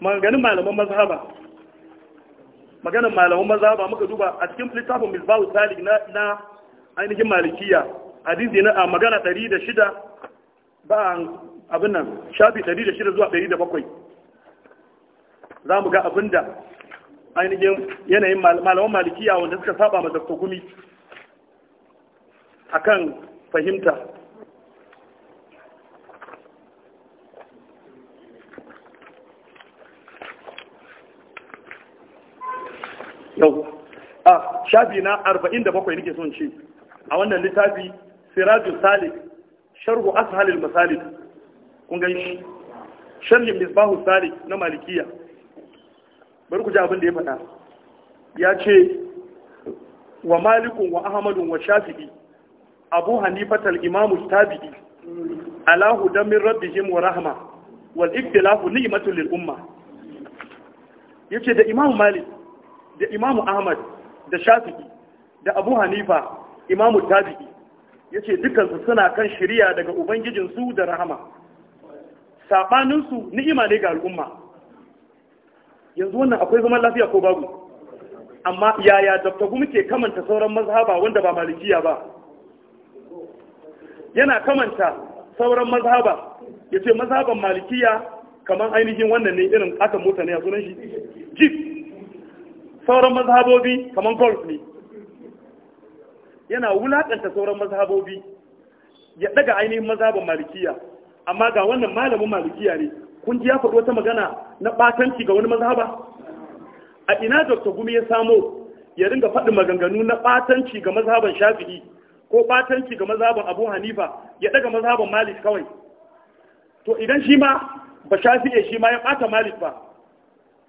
maganganun malaman mazhaba maganar malaman maza ba muka duba a cikin littafin misbahu talib na ainihin malikiya hadisi na magana 106 ba abin nan shafi 106 zuwa 107 za mu ga abinda ainihin yanayin malaman malikiya wanda suka saba ma zakta a kan fahimta yau a shafi na bakwai nake son ce a wannan littafi sirajul salik sharhu ashalil masalik kun gan shi sharhin misbahu salik na malikiya bari ku ji abin da ya faɗa ya ce wa malikun wa Ahmadu wa shafi'i abu hanifatal imamu tabi'i alahu damin rabbihim wa rahma wal ibtilahu ni'matul lil umma yace da imamu malik da imamu ahmad da shafi'i da abu hanifa imamu tabi'i yace ce dukansu suna kan shirya daga ubangijinsu da rahama saɓaninsu ni'ima ne ga al'umma yanzu wannan akwai zaman lafiya ko babu amma yaya daftagu muke kamanta sauran mazhaba wanda ba malikiya ba yana kamanta sauran mazhaba yace ce mazhaban malikiya kamar ainihin wannan ne irin aka mota ne a sunan shi sauran mazhabobi kamar golf ne yana wulaƙanta sauran mazhabobi ya ɗaga ainihin mazhabin malikiya amma ga wannan malamin malikiya ne kun ji ya faɗo wata magana na ɓatanci ga wani mazhaba a ina dr gumi ya samo ya ringa faɗin maganganu na ɓatanci ga mazhaban shafi'i ko ɓatanci ga mazhaban abu hanifa ya ɗaga mazhaban malik kawai to idan shi ma ba shafi'i shi ma ya ɓata malik ba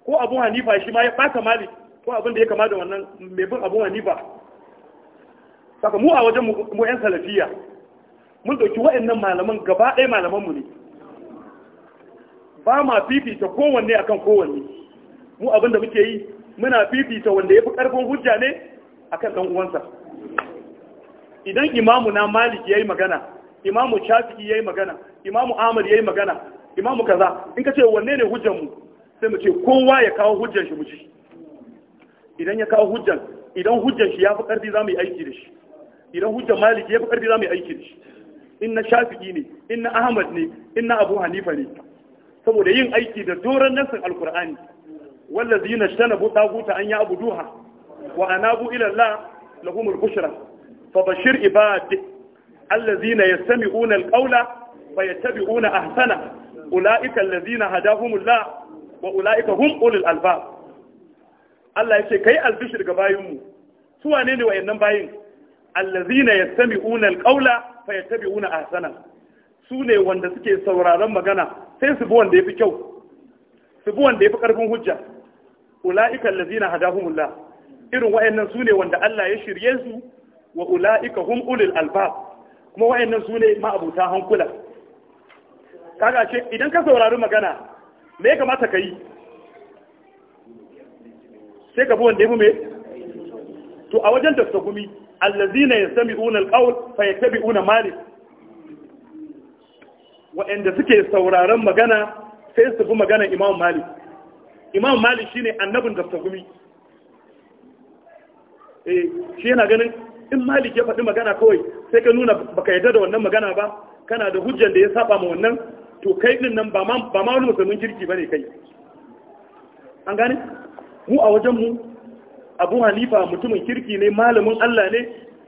ko abu hanifa shi ma ya ɓata malik ko abin da ya kama da wannan mai bin abin wani ba saka mu a wajen mu 'yan salafiya mun ɗauki wa'annan malaman gaba ɗaya malamanmu ne ba ma fifita kowanne akan kowanne mu abin da muke yi muna fifita wanda ya fi ƙarfin hujja ne kan ɗan uwansa idan imamu na Malik ya yi magana imamu shafi'i ya yi magana imamu ahmad ya yi magana imamu kaza in ka ce wanne ne hujjanmu sai mu ce kowa ya kawo hujjan shi mu ci idan ya kawo hujjan idan hujjan shi ya fi ƙarfi za mu yi aiki da shi idan hujjan maliki ya fi ƙarfi za mu yi aiki da shi in na shafi'i ne in na ahmad ne in na abu hanifa ne saboda yin aiki da doron nassin alkur'ani wallazi na tanabu buta an ya abuduha wa anabu ila Allah lahumul bushra fa bashir ibad allazina yastami'una alqawla fa yattabi'una ahsana ulaika allazina hadahumullah wa ulaika hum ulul albab Allah ya ce kai albishir ga bayinmu su wane ne wayannan bayin allazina yastami'una alqawla fayattabi'una ahsana su ne wanda suke sauraron magana sai su bi wanda yafi kyau su bi wanda yafi karfin hujja ulaika allazina hadahumullah irin wayannan su ne wanda Allah ya shirye su wa ulaika hum ulul albab kuma wayannan su ne ma'abuta hankula kaga ce idan ka saurari magana me ya kamata ka yi sai ka bi wanda ya mume to a wajen tafsa gumi allazina unar alqawl fa unar malik waɗanda suke sauraron magana sai su bi magana imam malik imam malik shine annabin tafsa gumi eh shi yana ganin in malik ya faɗi magana kawai sai ka nuna baka yarda da wannan magana ba kana da hujjan da ya saba ma wannan to kai din nan ba ma wani musulmin kirki bane kai an gane mu a wajenmu abu hanifa mutumin kirki ne malamin allah ne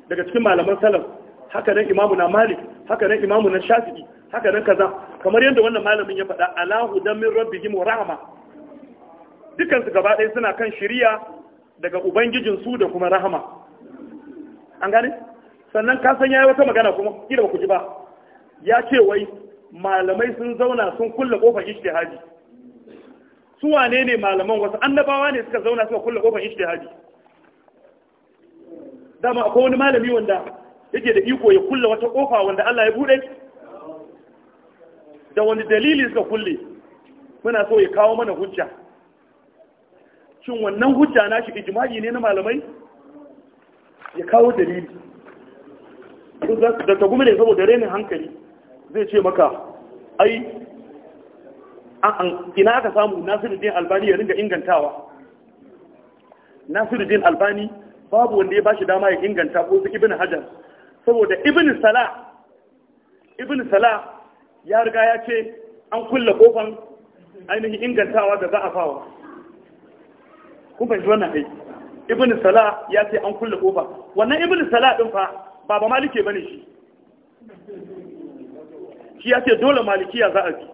daga cikin malaman salaf haka nan imamu na malik haka nan imamu na shafi'i haka nan kaza kamar yadda wannan malamin ya faɗa alahu dan min rabbihim wa rahma dukan su gaba ɗaya suna kan shiriya daga ubangijin su da kuma rahama an gane sannan ka san yayi wata magana kuma kira ba ku ji ba ya ce wai malamai sun zauna sun kulle kofar ijtihadi su wane ne malaman wasu annabawa ne suka zauna suka kulle kofar ijtihadi dama akwai wani malami wanda yake da iko ya kulle wata kofa wanda Allah ya bude da wani dalili suka kulle muna so ya kawo mana hujja shin wannan hujja na shi ijimari ne na malamai ya kawo dalili da ta gumi ne saboda renin hankali zai ce maka ai ina aka samu nasiruddin albani ya ringa ingantawa nasiruddin albani babu wanda ya bashi dama ya inganta ko su ibn hajar saboda ibn sala ibn sala ya riga ya ce an kulle kofan ainihin ingantawa da za a fawa kun shi wannan kai ibn sala ya ce an kulle kofa wannan ibn sala din fa baba malike bane shi shi ya ce dole malikiya za a bi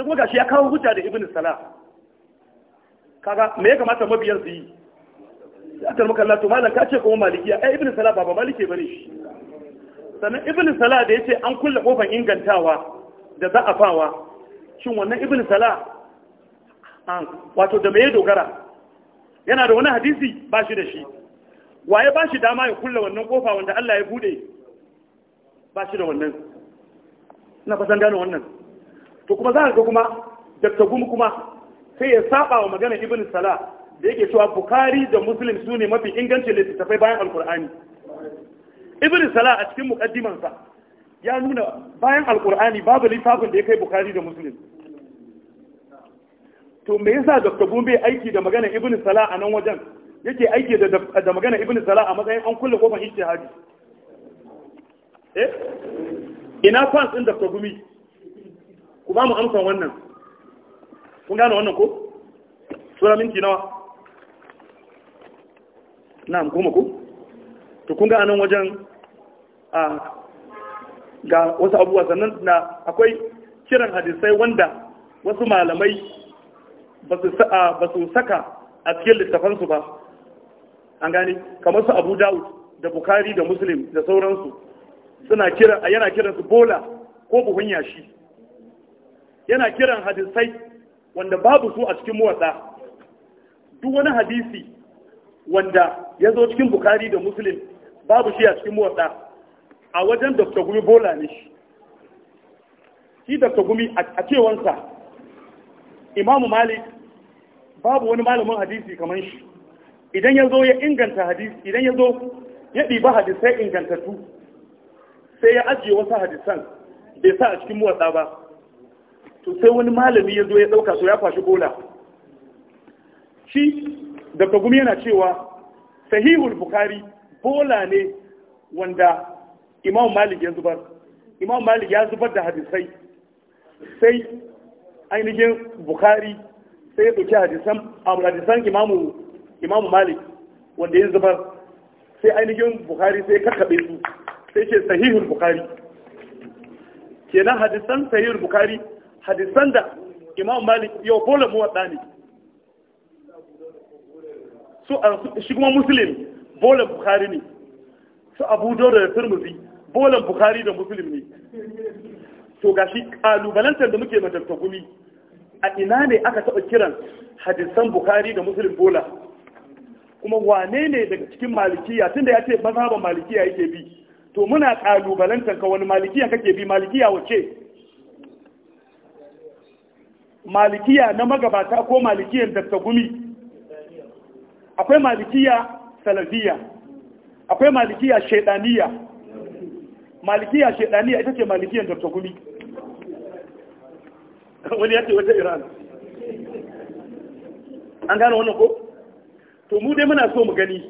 sun kuma gashi ya kawo hujja da ibn salah kaga me ya kamata mabiyar su yi akar maka Allah to malam ka ce kuma malikiya ai ibn salah ba malike bane shi sannan ibn salah da yace an kulle kofar ingantawa da za'afawa shin wannan ibn salah an wato da me ya dogara yana da wani hadisi ba shi da shi waye ba shi dama ya kulle wannan kofa wanda Allah ya bude ba shi da wannan ina fasan gano wannan to kuma za a ga kuma Dr. Gum kuma sai ya saba wa magana Ibn Salah da yake cewa bukari da Muslim su ne mafi ingancin littattafai bayan Alkur'ani. Ibn Salah a cikin mukaddimansa ya nuna bayan Alkur'ani babu littafin da ya kai bukari da Muslim. To me yasa Dr. Gum bai aiki da magana Ibn Salah a nan wajen yake aiki da magana Ibn Salah a matsayin an kulle kofar ijtihadi. Eh? Ina din Dr. Gumi ku ba mu amsan wannan kun gane wannan ko sura minti nawa na'am goma ko to kun ga anan wajen a ga wasu abubuwa sannan na akwai kiran hadisai wanda wasu malamai ba su saka a cikin littafansu ba an gani kamar su abu dawud da bukari da muslim da sauransu suna kira yana kiransu bola ko buhun yashi yana kiran hadisai wanda babu su a cikin muwatsa duk wani hadisi wanda ya zo cikin bukari da muslim babu shi a cikin muwatsa a wajen dr gumi bola ne shi shi dr gumi a cewansa imamu malik babu wani malamin hadisi kamar shi idan ya zo ya inganta hadisi idan ya zo ya ɗiba hadisai ingantattu sai ya ajiye wasu hadisan bai sa a cikin muwatsa ba to sai wani malami ya zo ya ɗauka so ya fashi bola shi daga gumi yana cewa sahihul bukari bola ne wanda imam malik ya zubar imam malik ya zubar da hadisai sai ainihin bukari sai ya ɗauki hadisan hadisan imamu imamu malik wanda ya zubar sai ainihin bukari sai ya kakkaɓe su sai ce sahihul bukari kenan hadisan sahihul bukari hadisan da imam malik yau bola mu muwadda ne shi kuma muslim Bola bukhari ne su abu da turmuzi Bola bukhari da muslim ne to ga shi kalubalantar da muke matattakumi a ina ne aka taɓa kiran hadisan bukhari da muslim bola kuma wane ne daga cikin malikiya tunda da ya ce mazhaban malikiya yake bi to muna kalubalantar ka wani malikiya kake bi malikiya wace malikiya na magabata ko malikiyar dakta gumi akwai malikiya salafiya akwai malikiya shaidaniya malikiya shaidaniya ita ce malikiyar dakta gumi wani ya ce wata iran an gane wannan ko to mu dai muna so mu gani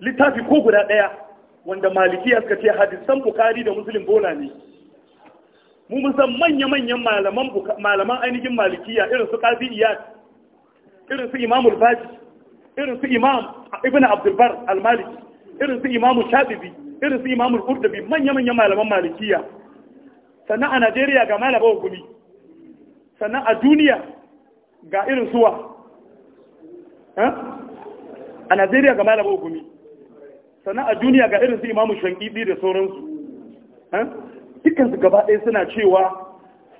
littafi ko guda ɗaya wanda malikiya suka ce hadisan bukari da musulun bola ne mu mun san manya-manyan malaman malaman ainihin malikiya irin su qazi iyad irin su Imamul al irin su imam ibn abdul bar al-maliki irin su Imamul Shadibi, irin su Imamul Urdabi. qurtubi manya-manyan malaman malikiya sannan a Najeriya ga malaba gumi sannan a duniya ga irin suwa a Najeriya ga malaba gumi sannan a duniya ga irin su imam shankidi da sauransu Dukkan su gaba ɗaya suna cewa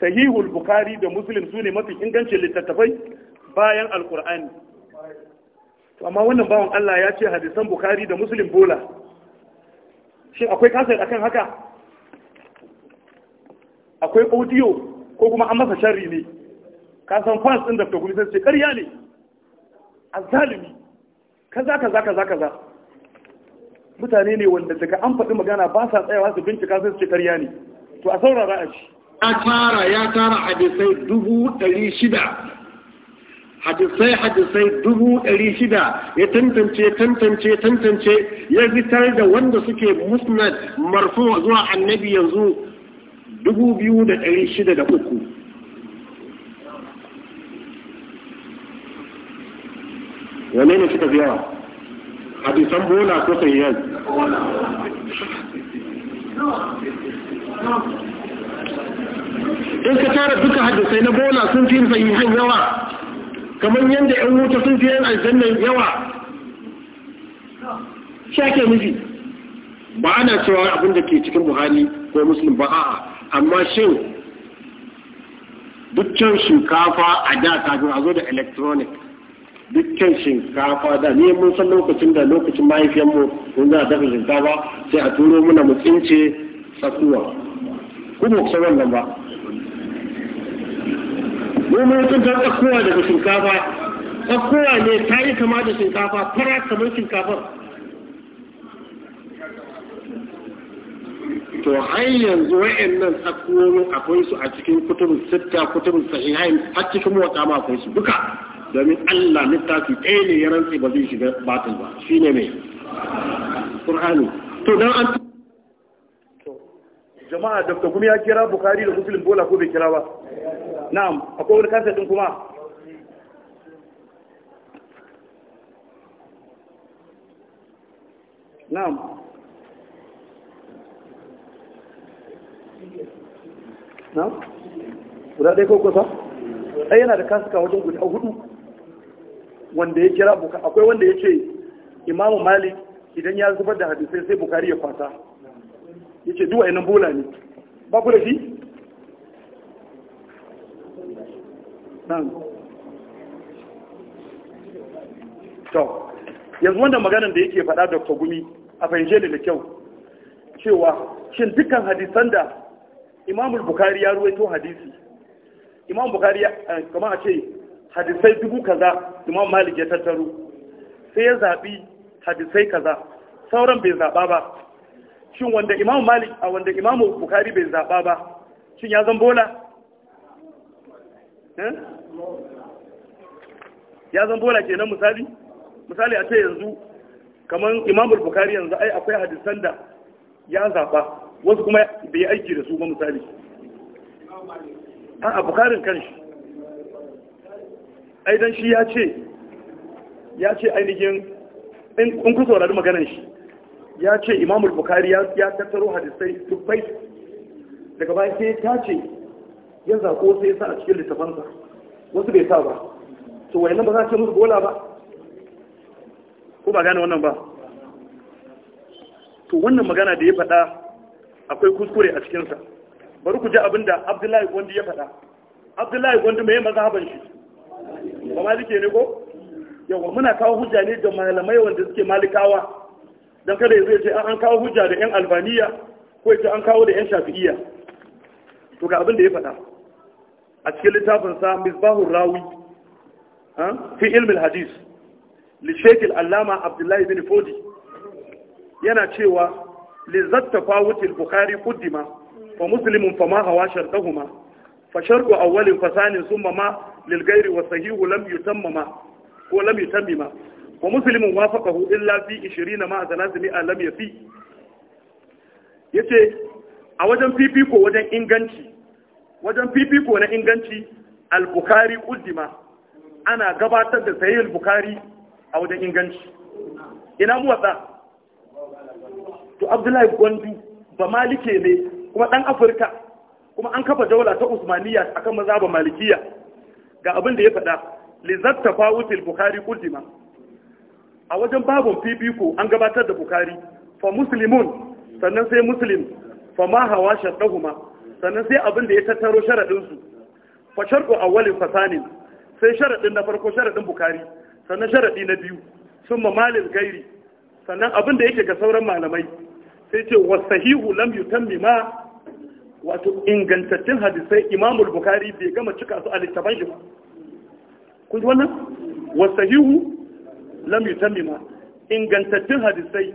sahihul bukhari da muslim su ne mafi ingancin littattafai bayan alkur'ani amma wannan bawan allah ya ce hadisan bukhari da muslim bola shi akwai kasar akan haka akwai audio ko kuma an masa sharri ne kasan fans ɗin da ta guri sai ce ƙarya ne a zalimi ka ka za za ka za ka za. mutane ne wanda daga an faɗi magana ba sa tsayawa su bincika sai su ce ƙarya ne to a saurara a ci a tara ya tara hadisai dubu ɗari shida hadisai hadisai dubu ɗari shida ya tantance tantance tantance ya zitar da wanda suke musnad marfu zuwa annabi yanzu dubu biyu da ɗari shida da uku wane ne suka biya hadisan bola ko sayyar in ka tara duka hadisai na bola sun fi sahihan yawa kamar yadda ‘yan wuta sun fi ‘yan aljanna yawa shi ake miji ba ana cewa abin da ke cikin buhari ko muslim ba a amma shin dukkan shinkafa a da kafin a zo da electronic dukkan shinkafa da ne mun san lokacin da lokacin mahaifiyanmu wanda za a dafa shinkafa sai a turo muna mu tsince tsakuwa kuma kusa wannan ba noma sun san tsakuwa daga shinkafa tsakuwa ne ta yi kama da shinkafa fara kamar shinkafar to har yanzu wa'in nan tsakuwomin akwai su a cikin kutubin sitta kutubin sahihain har cikin wata ma akwai su duka domin Allah littafi ɗaya ne ya rantse ba zai shiga batul ba shine mai ƙur'ani to don an jama'a dr gumi ya kira bukari da muslim bola ko bai kira ba na'am akwai wani kasa din kuma na'am na'am guda ɗaya ko kusa ai yana da kasuka wajen guda hudu wanda ya kira bukari akwai wanda ya ce imamu malik idan ya zubar da hadisai sai bukari ya kwata yace duwa yanan bola ne ba ku da fi? nan to yanzu wanda maganin da yake faɗa Dr. Gumi a fahimce ne da kyau cewa shin dukkan hadisan da imamul bukari ya ruwaito hadisi imamul bukari eh, kamar a ce hadisai dubu kaza Imam Malik ya tattaro sai ya zaɓi hadisai kaza sauran bai zaɓa ba shin wanda imam malik a wanda imam bukari bai zaɓa ba shin ya zan bola eh? ya zan bola kenan misali misali a ce yanzu kamar imam bukari yanzu ai akwai hadisan da ya zaɓa wasu kuma bai aiki da su ba misali a bukarin kanshi aidan shi ya ce ya ce ainihin in kun saurari maganan shi ya ce imamul bukari ya tattaro hadisai dubbai daga bayan sai ta ce ya zako sai sa a cikin littafansa wasu bai sa ba to wayannan ba za ce musu bola ba ko ba gane wannan ba to wannan magana da ya faɗa akwai kuskure a cikinsa bari ku ji abin da abdullahi gwandi ya faɗa abdullahi gwandi mai mazhaban shi ba malike ne ko yawa muna kawo hujja ne da malamai wanda suke malikawa don kada ya zai ce an kawo hujja da 'yan albaniya ko ya an kawo da 'yan shafi'iya to ga abin da ya faɗa a cikin littafinsa misbahun rawi fi ilmin hadis lishekil allama abdullahi bin fodi yana cewa lizatta fawutil bukari kuddima fa muslimun fa ma hawa shartahuma fa sharku awwalin fasanin summa ma lilgairi wa sahihu lam yutammama ko lam yutammima wa musulmin wafaqahu illa fi 20 ma'a 300 lam yafi yace a wajen fifiko wajen inganci wajen fifiko na inganci al-bukhari ana gabatar da sahih al-bukhari a wajen inganci ina mu wasa to abdullahi gwandu ba malike ne kuma dan afirka kuma an kafa daula ta usmaniya akan mazhaban malikiya ga abin da ya faɗa lizatta fawutul bukhari uddima a wajen babin fifiko an gabatar da bukari fa muslimun sannan sai muslim fa ma hawa shaddahuma sannan sai abin da ya tattaro sharadin su fa shardu awwalin fasanin sai sharadin na farko sharadin bukari sannan sharadi na biyu summa malil gairi sannan abin da yake ga sauran malamai sai ce sahihu lam yutammi ma wato ingantattun hadisai imamul bukari bai gama cika su a littafan shi ba kun ji wannan sahihu lam yutammima ingantattun hadisai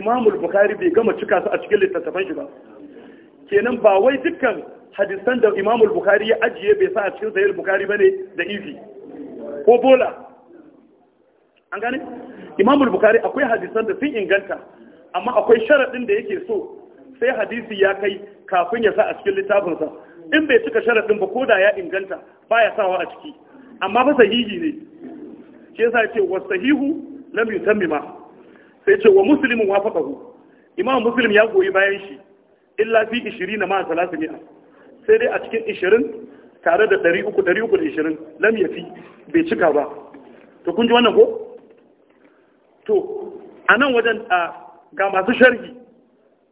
imamul bukhari bai gama cika su a cikin littattafan shi ba kenan ba wai dukkan hadisan da imamul bukhari ya ajiye bai sa a cikin sahih bukhari bane da izi ko bola an gane imamul bukhari akwai hadisan da sun inganta amma akwai sharaɗin da yake so sai hadisi ya kai kafin ya sa a cikin littafinsa in bai cika sharaɗin ba ko da ya inganta baya sawa a ciki amma ba sahihi ne shi yasa wa sahihu lam yutammima sai ce wa muslimun wafaqahu imam muslim ya goyi bayan shi illa fi 20 ma 300 sai dai a cikin 20 tare da 300 320 lam yafi bai cika ba to kun ji wannan ko to anan wajen ga masu sharhi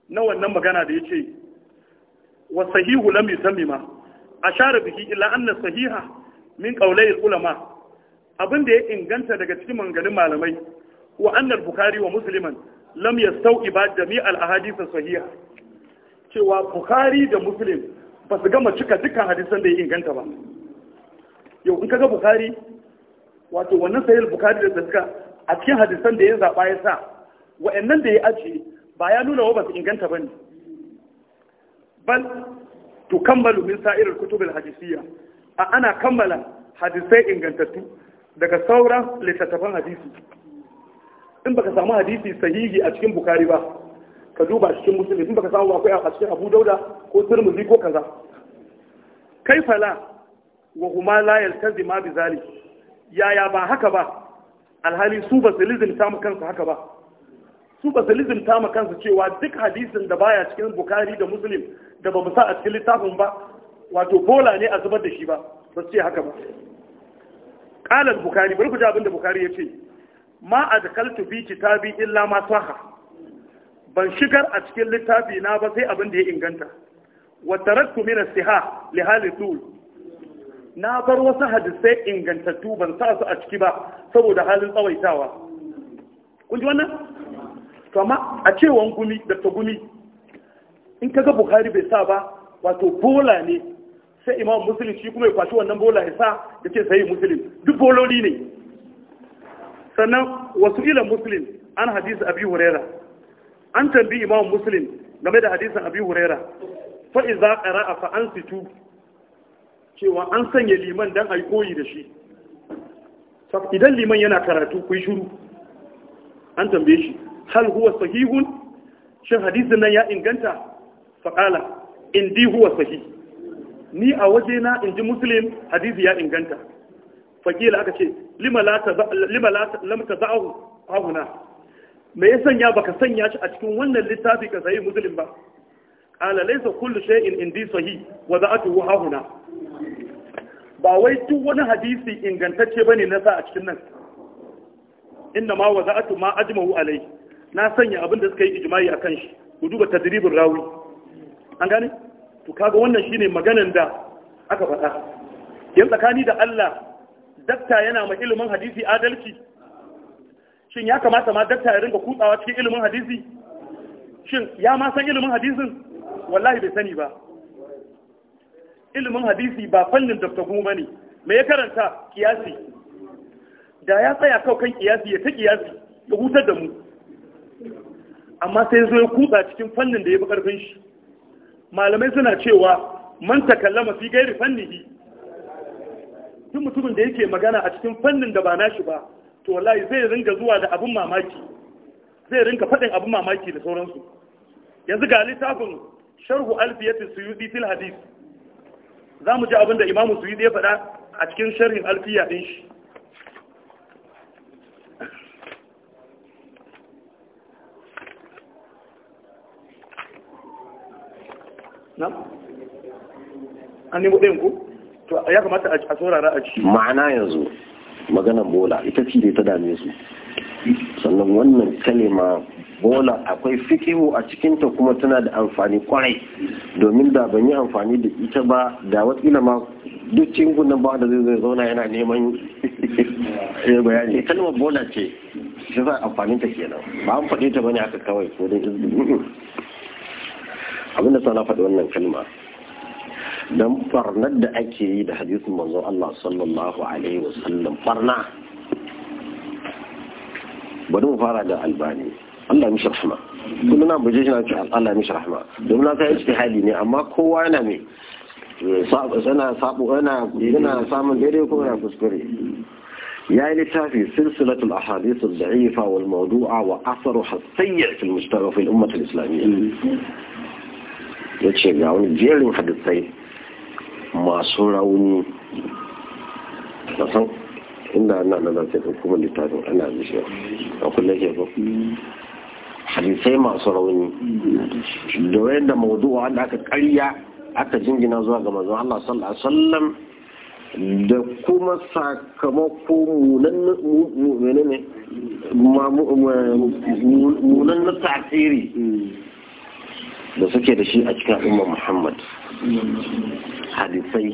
na wannan magana da yace sahihu lam yutammima ashara bihi illa anna sahiha min qawlai ulama abin da ya inganta daga cikin manganin malamai wa annal bukhari wa Musulman lam ba jami'al ahadith sahiha cewa bukhari da muslim ba su gama cika dukkan hadisan da ya inganta ba yau in kaga bukhari wato wannan sahih bukhari da suka a cikin hadisan da ya zaba ya sa wa'annan da ya ajiye ba ya nuna wa ba su inganta ba ne bal tukammalu min sa'irul kutubul hadisiyya a ana kammala hadisai ingantattu daga sauran littattafan hadisi in baka samu hadisi sahihi a cikin bukari ba ka duba cikin musulmi in baka samu ba kai a cikin abu dauda ko turmuzi ko kaza kai fala wa kuma la yaltazima bi zalik yaya ba haka ba alhali su ba su ta makan su haka ba su ba su ta makan su cewa duk hadisin da baya cikin bukari da muslim da ba mu sa a cikin littafin ba wato bola ne a zubar da shi ba ba su ce haka ba qala Buhari, bukhari bari ku ji abin da bukhari yace ma adkaltu fi kitabi illa ma ban shigar a cikin littafi na ba sai abin da ya inganta wa taraktu min as-siha li hali tul na bar wasu hadisai ingantattu ban sa su a ciki ba saboda halin tsawaitawa kun ji wannan to amma a cewan gumi da ta gumi in kaga bukhari bai sa ba wato bola ne sai imam musulun shi kuma ya kwashi wannan bola ya sa ya ke sayi musulun duk bololi ne sannan wasu ilan muslim an hadisa abi hurera an tambi imam muslim game da hadisin abi huraira fa iza qara'a fa ansitu cewa an sanya liman dan ai koyi da shi idan liman yana karatu ku yi shiru an tambaye shi hal huwa sahihun shin hadisin nan ya inganta fa qala indi huwa sahih ni a waje na in ji muslim hadisi ya inganta fakila aka ce lima lam ta za'ahu hahuna me ya sanya baka sanya shi a cikin wannan littafi ka sayi muslim ba ala laysa kullu shay'in indi sahih wa za'atu wa hahuna ba wai duk wani hadisi ingantacce bane na sa a cikin nan inna ma wa za'atu ma ajmahu alai na sanya abin da suka yi ijma'i akan shi ku duba tadribul rawi an gane to kaga wannan shine maganan da aka faɗa yan tsakani da Allah dakta yana ma ilimin hadisi adalci shin ya kamata ma dakta ya ringa kutsawa cikin ilimin hadisi shin ya ma san ilimin hadisin wallahi bai sani ba ilimin hadisi ba fannin dakta goma ne me ya karanta kiyasi da ya tsaya kau kan kiyasi ya ta kiyasi ya hutar da mu amma sai zo ya kutsa cikin fannin da ya bi karfin shi malamai suna cewa man kalla mafi gairi fannihi Tun mutumin da yake magana a cikin fannin da ba nashi ba to wallahi zai ringa zuwa da abin mamaki zai ringa faɗin abin mamaki da sauransu yanzu ga littafin sharhu alfiyati suyudi fil hadith za mu ji abin da imamu suyudi ya faɗa a cikin sharhin alfiya ɗin shi kamata a saurara a ciki ma'ana yanzu magana bola ita ce da ta dame su sannan wannan kalima bola akwai fikihu a cikinta kuma tana da amfani kwarai domin da ban yi amfani da ita ba da watsila ma duk cingun nan ba da zai zai zauna yana neman bayani kalmar bola ce shi za amfanin ta kenan ba an faɗe ta bane haka kawai ko dai abin da sana faɗi wannan kalma don farnar da ake yi da hadisin manzon Allah sallallahu alaihi wasallam farna bari mu fara da albani Allah mishi rahma kuma na buje shi na ce Allah mishi rahma domin na kai ne amma kowa yana me sana sabo yana yana samun daidai ko yana kuskure ya yi littafi silsilatul ahadith daifa wal mawdu'a wa asaru hasayya fil mujtama fil ummah islamiyya ya ce ga wani jerin hadisai masu rauni na san inda ana da lafiya da kuma littafin ana da a kullum ke ko hadisai masu rauni da wayan da mawdu'a wanda aka karya aka jingina zuwa ga manzon Allah sallallahu alaihi wasallam da kuma sakamako munan na tasiri da suke da shi a cikin umar muhammad hadisai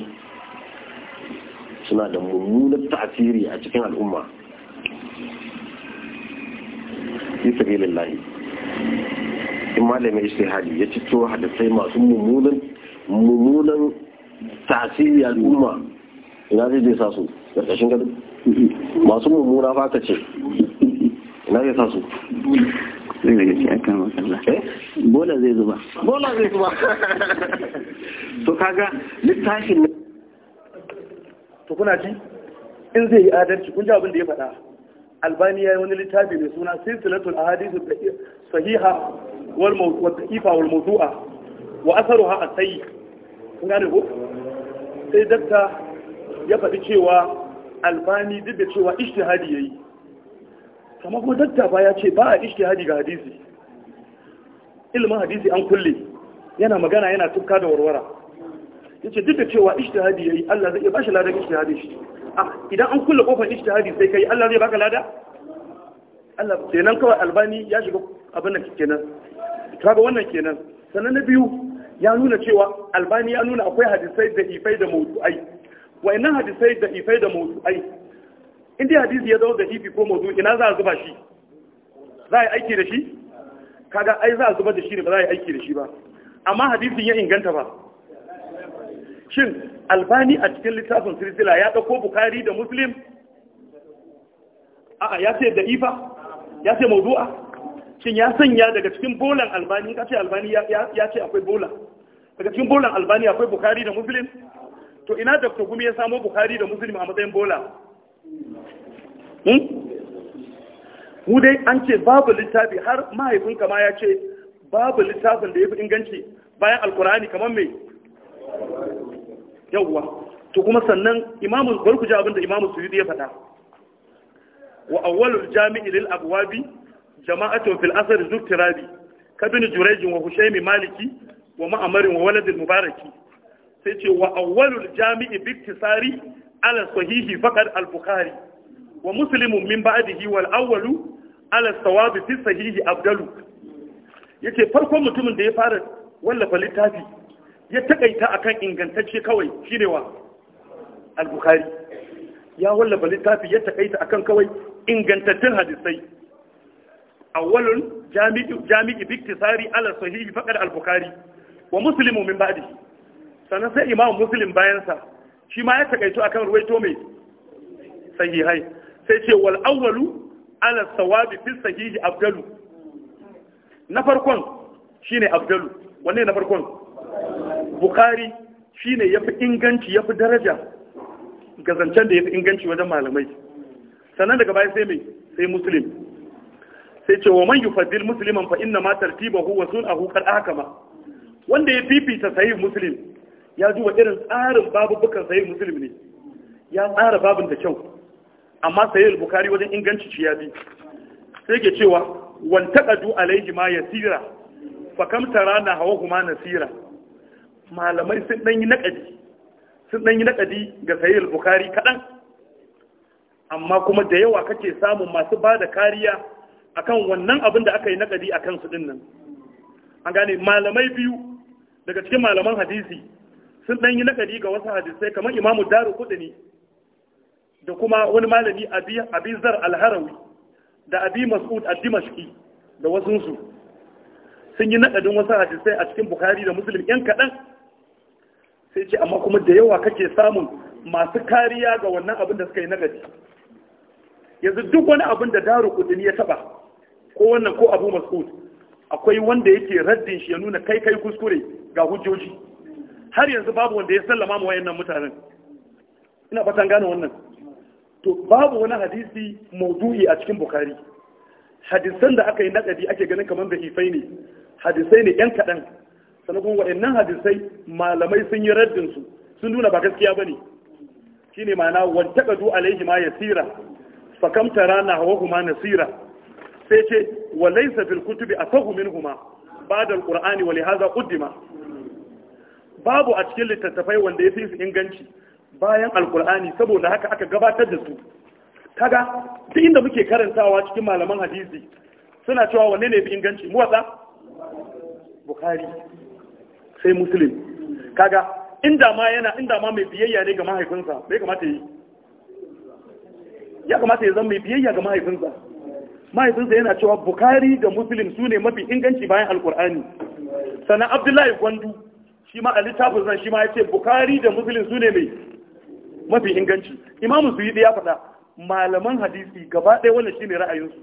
suna da mummunar ta'asiri a cikin al'umma isa lillahi in malamin hali ya cito hadisai masu mummunan mummunan tasiri al'umma ina zai sa su ƙarƙashin gado masu mummuna fata ce za ya sa su zai daga ci akan makalla eh? bola zai zuba bola zai zuba to kaga littafin ne. to kuna ci in zai yi adalci kun ji abin da ya faɗa albani ya yi wani littafi mai suna sai silsilatul ahadisu sahiha wal ta'ifa wal mawdu'a wa asaruha as-sayyi kun gane ko sai dakta ya faɗi cewa albani duk da cewa ishtihadi yayi kamar kuma dattafa ya ce ba a ishtihadi ga hadisi ilimin hadisi an kulle yana magana yana tukka da warwara ya ce duk da cewa ishtihadi ya yi Allah zai ba shi lada ladan ishtihadi shi idan an kulle kofar ishtihadi sai ka yi Allah zai baka lada Allah kenan kawai albani ya shiga abin da kenan kaga wannan kenan sannan na biyu ya nuna cewa albani ya nuna akwai hadisai da ifai da mawdu'ai nan hadisai da ifai da ai? Indiya hadisi ya zama da hifi ko mazu ina za a zuba shi za a yi aiki da shi kaga ai za a zuba da shi ne ba za a yi aiki da shi ba amma hadisin ya inganta ba shin albani a cikin littafin sirisila ya dauko bukari da muslim a'a ya ce da ifa ya ce mawdu'a shin ya sanya daga cikin bolan albani ka ce albani ya ce akwai bola daga cikin bolan albani akwai bukari da muslim to ina dr gumi ya samo bukari da muslim a matsayin bola Hmm? mu dai an ce babu littafi har mahaifinka ma ya ce babu littafin da ya fi inganci bayan alkur'ani kamar mai yawwa to kuma sannan imamu barku ji abinda imamu suyudi ya faɗa wa awwalul jami'i lil abwabi jama'atun fil asr zuktirabi kabin jurayjin wa hushaymi maliki wa ma'amarin wa mubaraki sai ce wa awwalul jami'i biktisari ala sahihi faqad al-bukhari wa muslimun min ba'dihi wal awwalu ala sawabi fi sahihi abdalu yace farkon mutumin da ya fara wallafa littafi ya takaita akan ingantacce kawai shine wa al-bukhari ya wallafa littafi ya takaita akan kawai ingantattun hadisai awwalun jami'u jami'i biktisari ala sahihi faqad al-bukhari wa muslimu min ba'dihi sannan sai imam muslim bayan sa shi ma ya takaito akan ruwaito mai sahihai sai ce wal awwalu ala sawabi fi sahihi afdalu na farkon shine afdalu wanne na farkon bukhari shine yafi inganci yafi daraja ga da yafi inganci wajen malamai sannan daga baya sai mai sai muslim sai ce wa man yufaddil musliman fa inna ma tartibahu wa sun'ahu qad ahkama wanda ya fifita sahih muslim ya duba irin tsarin babu babubukan sahih muslim ne ya tsara babin da kyau amma al Bukhari wajen inganci shi ya bi sai ke cewa wan taqadu alayhi ma yasira fa kam tarana hawa kuma nasira malamai sun dan yi nakadi sun dan yi naqadi ga al Bukhari kadan amma kuma da yawa kake samun masu bada kariya akan wannan abin da aka yi nakadi akan su dinnan an gane malamai biyu daga cikin malaman hadisi sun dan yi naqadi ga wasu hadisai kamar imamu daru kudini da kuma wani malami abi zar alharawi da abi mas'ud a da wasunsu sun yi naɗadin wasu hadisai a cikin bukari da musulun yan kaɗan sai ce amma kuma da yawa kake samun masu kariya ga wannan abin da suka yi nagari yanzu duk wani abin da daru kudin ya taba ko wannan ko abu mas'ud akwai wanda yake raddin shi ya nuna kai kai kuskure ga hujjoji har yanzu babu wanda ya sallama mu wayannan mutanen ina fatan gane wannan to babu wani hadisi maudu'i a cikin bukari hadisan da aka yi nakadi ake ganin kamar da hifai ne hadisai ne yan kaɗan sannan kuma waɗannan hadisai malamai sun yi raddin su sun nuna ba gaskiya ba ne shine ma'ana wantakadu alaihi ma yasira fakamtara rana hawa kuma nasira sai ce wa laysa fil kutubi asahu ba ba'da alqur'ani wa li hadha babu a cikin littattafai wanda ya fi su inganci bayan alkur'ani saboda haka aka gabatar da su kaga duk inda muke karantawa cikin malaman hadisi suna cewa wanne ne fi inganci muwatsa bukhari sai muslim kaga inda ma yana inda ma mai biyayya ne ga mahaifinsa bai kamata yi ya kamata ya zama mai biyayya ga mahaifinsa mahaifinsa yana cewa bukari da muslim su ne mafi inganci bayan alkur'ani sannan abdullahi gwandu shi ma a littafin zan shi ma ya ce bukari da muslim su ne mai mafi inganci imamu suyudi ya faɗa malaman hadisi gaba ɗaya wannan shine ra'ayinsu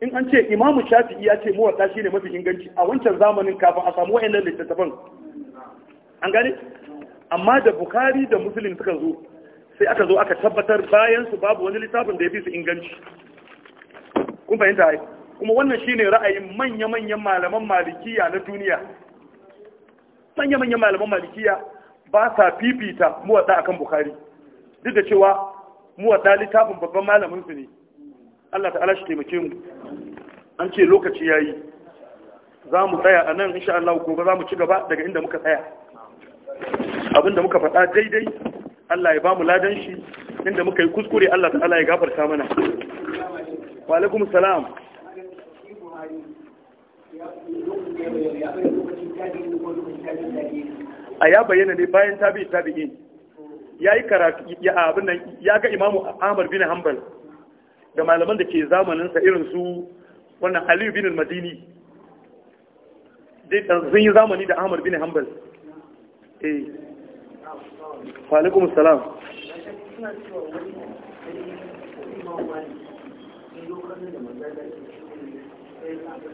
in an ce imamu shafi'i ya ce muwatta shine mafi inganci a wancan zamanin kafin a samu wayannan littattafan an gane amma da bukari da musulun suka zo sai aka zo aka tabbatar bayan su babu wani littafin da ya fi su inganci kun fahimta ai kuma wannan shine ra'ayin manya-manyan malaman malikiya na duniya manya-manyan malaman malikiya ba sa fifita a akan bukhari duk da cewa muwadda littafin babban malamin su ne Allah ta'ala shi taimake mu an ce lokaci yayi za mu tsaya a nan insha Allah gobe za mu ci gaba daga inda muka tsaya abinda muka faɗa daidai Allah ya ba mu ladan shi inda muka yi kuskure Allah ta'ala ya gafarta mana wa alaikum salam a ya bayyana ne bayan tabi tabi'i ya yi karatu ya abin nan ya ga imamu ahmad bin hanbal da malaman da ke zamaninsa irin su wannan aliyu bin madini sun yi zamani da ahmad bin hanbal eh alaikum salam Thank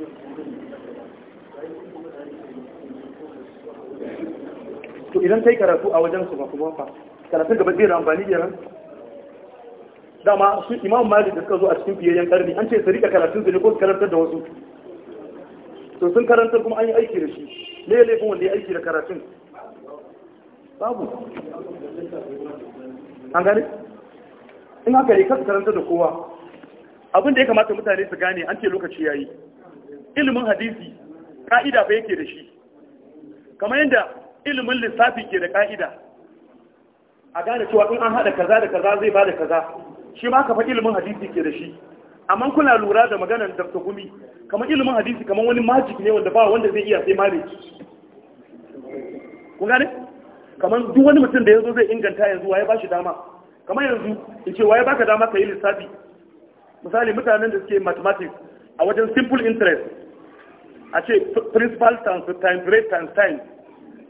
you. to idan ta yi karatu a wajen su ba kuma karatun gaba zai amfani kenan dama su imam malik da suka zo a cikin fiyayyen karni an ce su rika karatun su ne ko su karantar da wasu to sun karantar kuma an yi aiki da shi me ya laifin wanda ya aiki da karatun babu an gani in haka ne kasu karanta da kowa abin da ya kamata mutane su gane an ce lokaci ya yi ilimin hadisi ka'ida ba yake da shi kamar yadda ilimin lissafi ke da ka'ida a gane cewa in an haɗa kaza da kaza zai ba da kaza shi ma ka fa ilimin hadisi ke da shi amma kuna lura da maganar dafta gumi kamar ilimin hadisi kamar wani majik ne wanda ba wanda zai iya sai maliki kun gane kamar duk wani mutum da ya zo zai inganta yanzu waye ba shi dama kamar yanzu in ce waye baka dama ka yi lissafi misali mutanen da suke mathematics a wajen simple interest a ce principal times time grade times time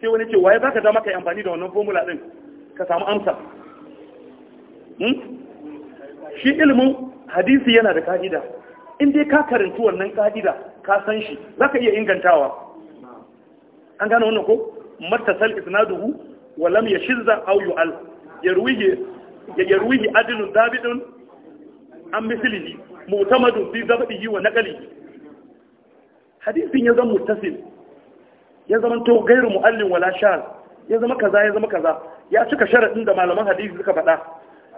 sai wani ce waye baka dama kai amfani da wannan formula din ka samu amsa hmm? shi ilimin hadisi yana da ka'ida in dai ka karanci wannan ka'ida ka san shi zaka iya ingantawa an gane wannan ko matasal isnaduhu wa lam yashizza aw yu'al yarwihi yarwihi adlun dabidun an mislihi mu'tamadun fi zabdihi wa naqlihi hadisin ya zama muttasil ya zama to gairu mu'allin wala shar ya zama kaza ya zama kaza ya cika sharadin da malaman hadisi suka faɗa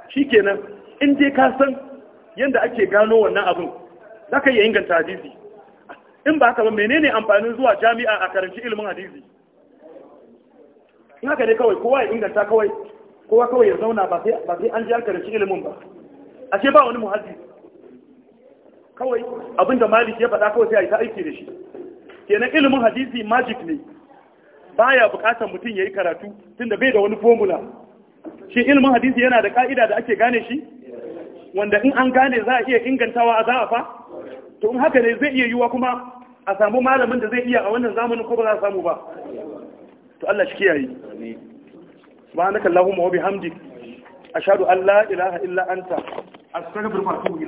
shikenan in dai ka san yanda ake gano wannan abin zaka iya inganta hadisi in ba haka ba menene amfanin zuwa jami'a a karanci ilimin hadisi in haka ne kawai kowa ya inganta kawai kowa kawai ya zauna ba sai an ji an karanci ilimin ba ashe ba wani muhaddis kawai abinda malik ya faɗa kawai sai a yi ta aiki da shi kenan ilimin hadisi magic ne baya bukatar mutum ya yi karatu tunda bai da wani formula shi ilimin hadisi yana da ka'ida da ake gane shi wanda in an gane za a iya ingantawa a fa? to in haka ne zai iya yiwa kuma a samu malamin da zai iya a wannan zamanin ko ba za a samu ba to Allah shi kiyaye subhanaka allahumma wa bihamdik ashhadu an la ilaha illa anta astaghfiruka wa atubu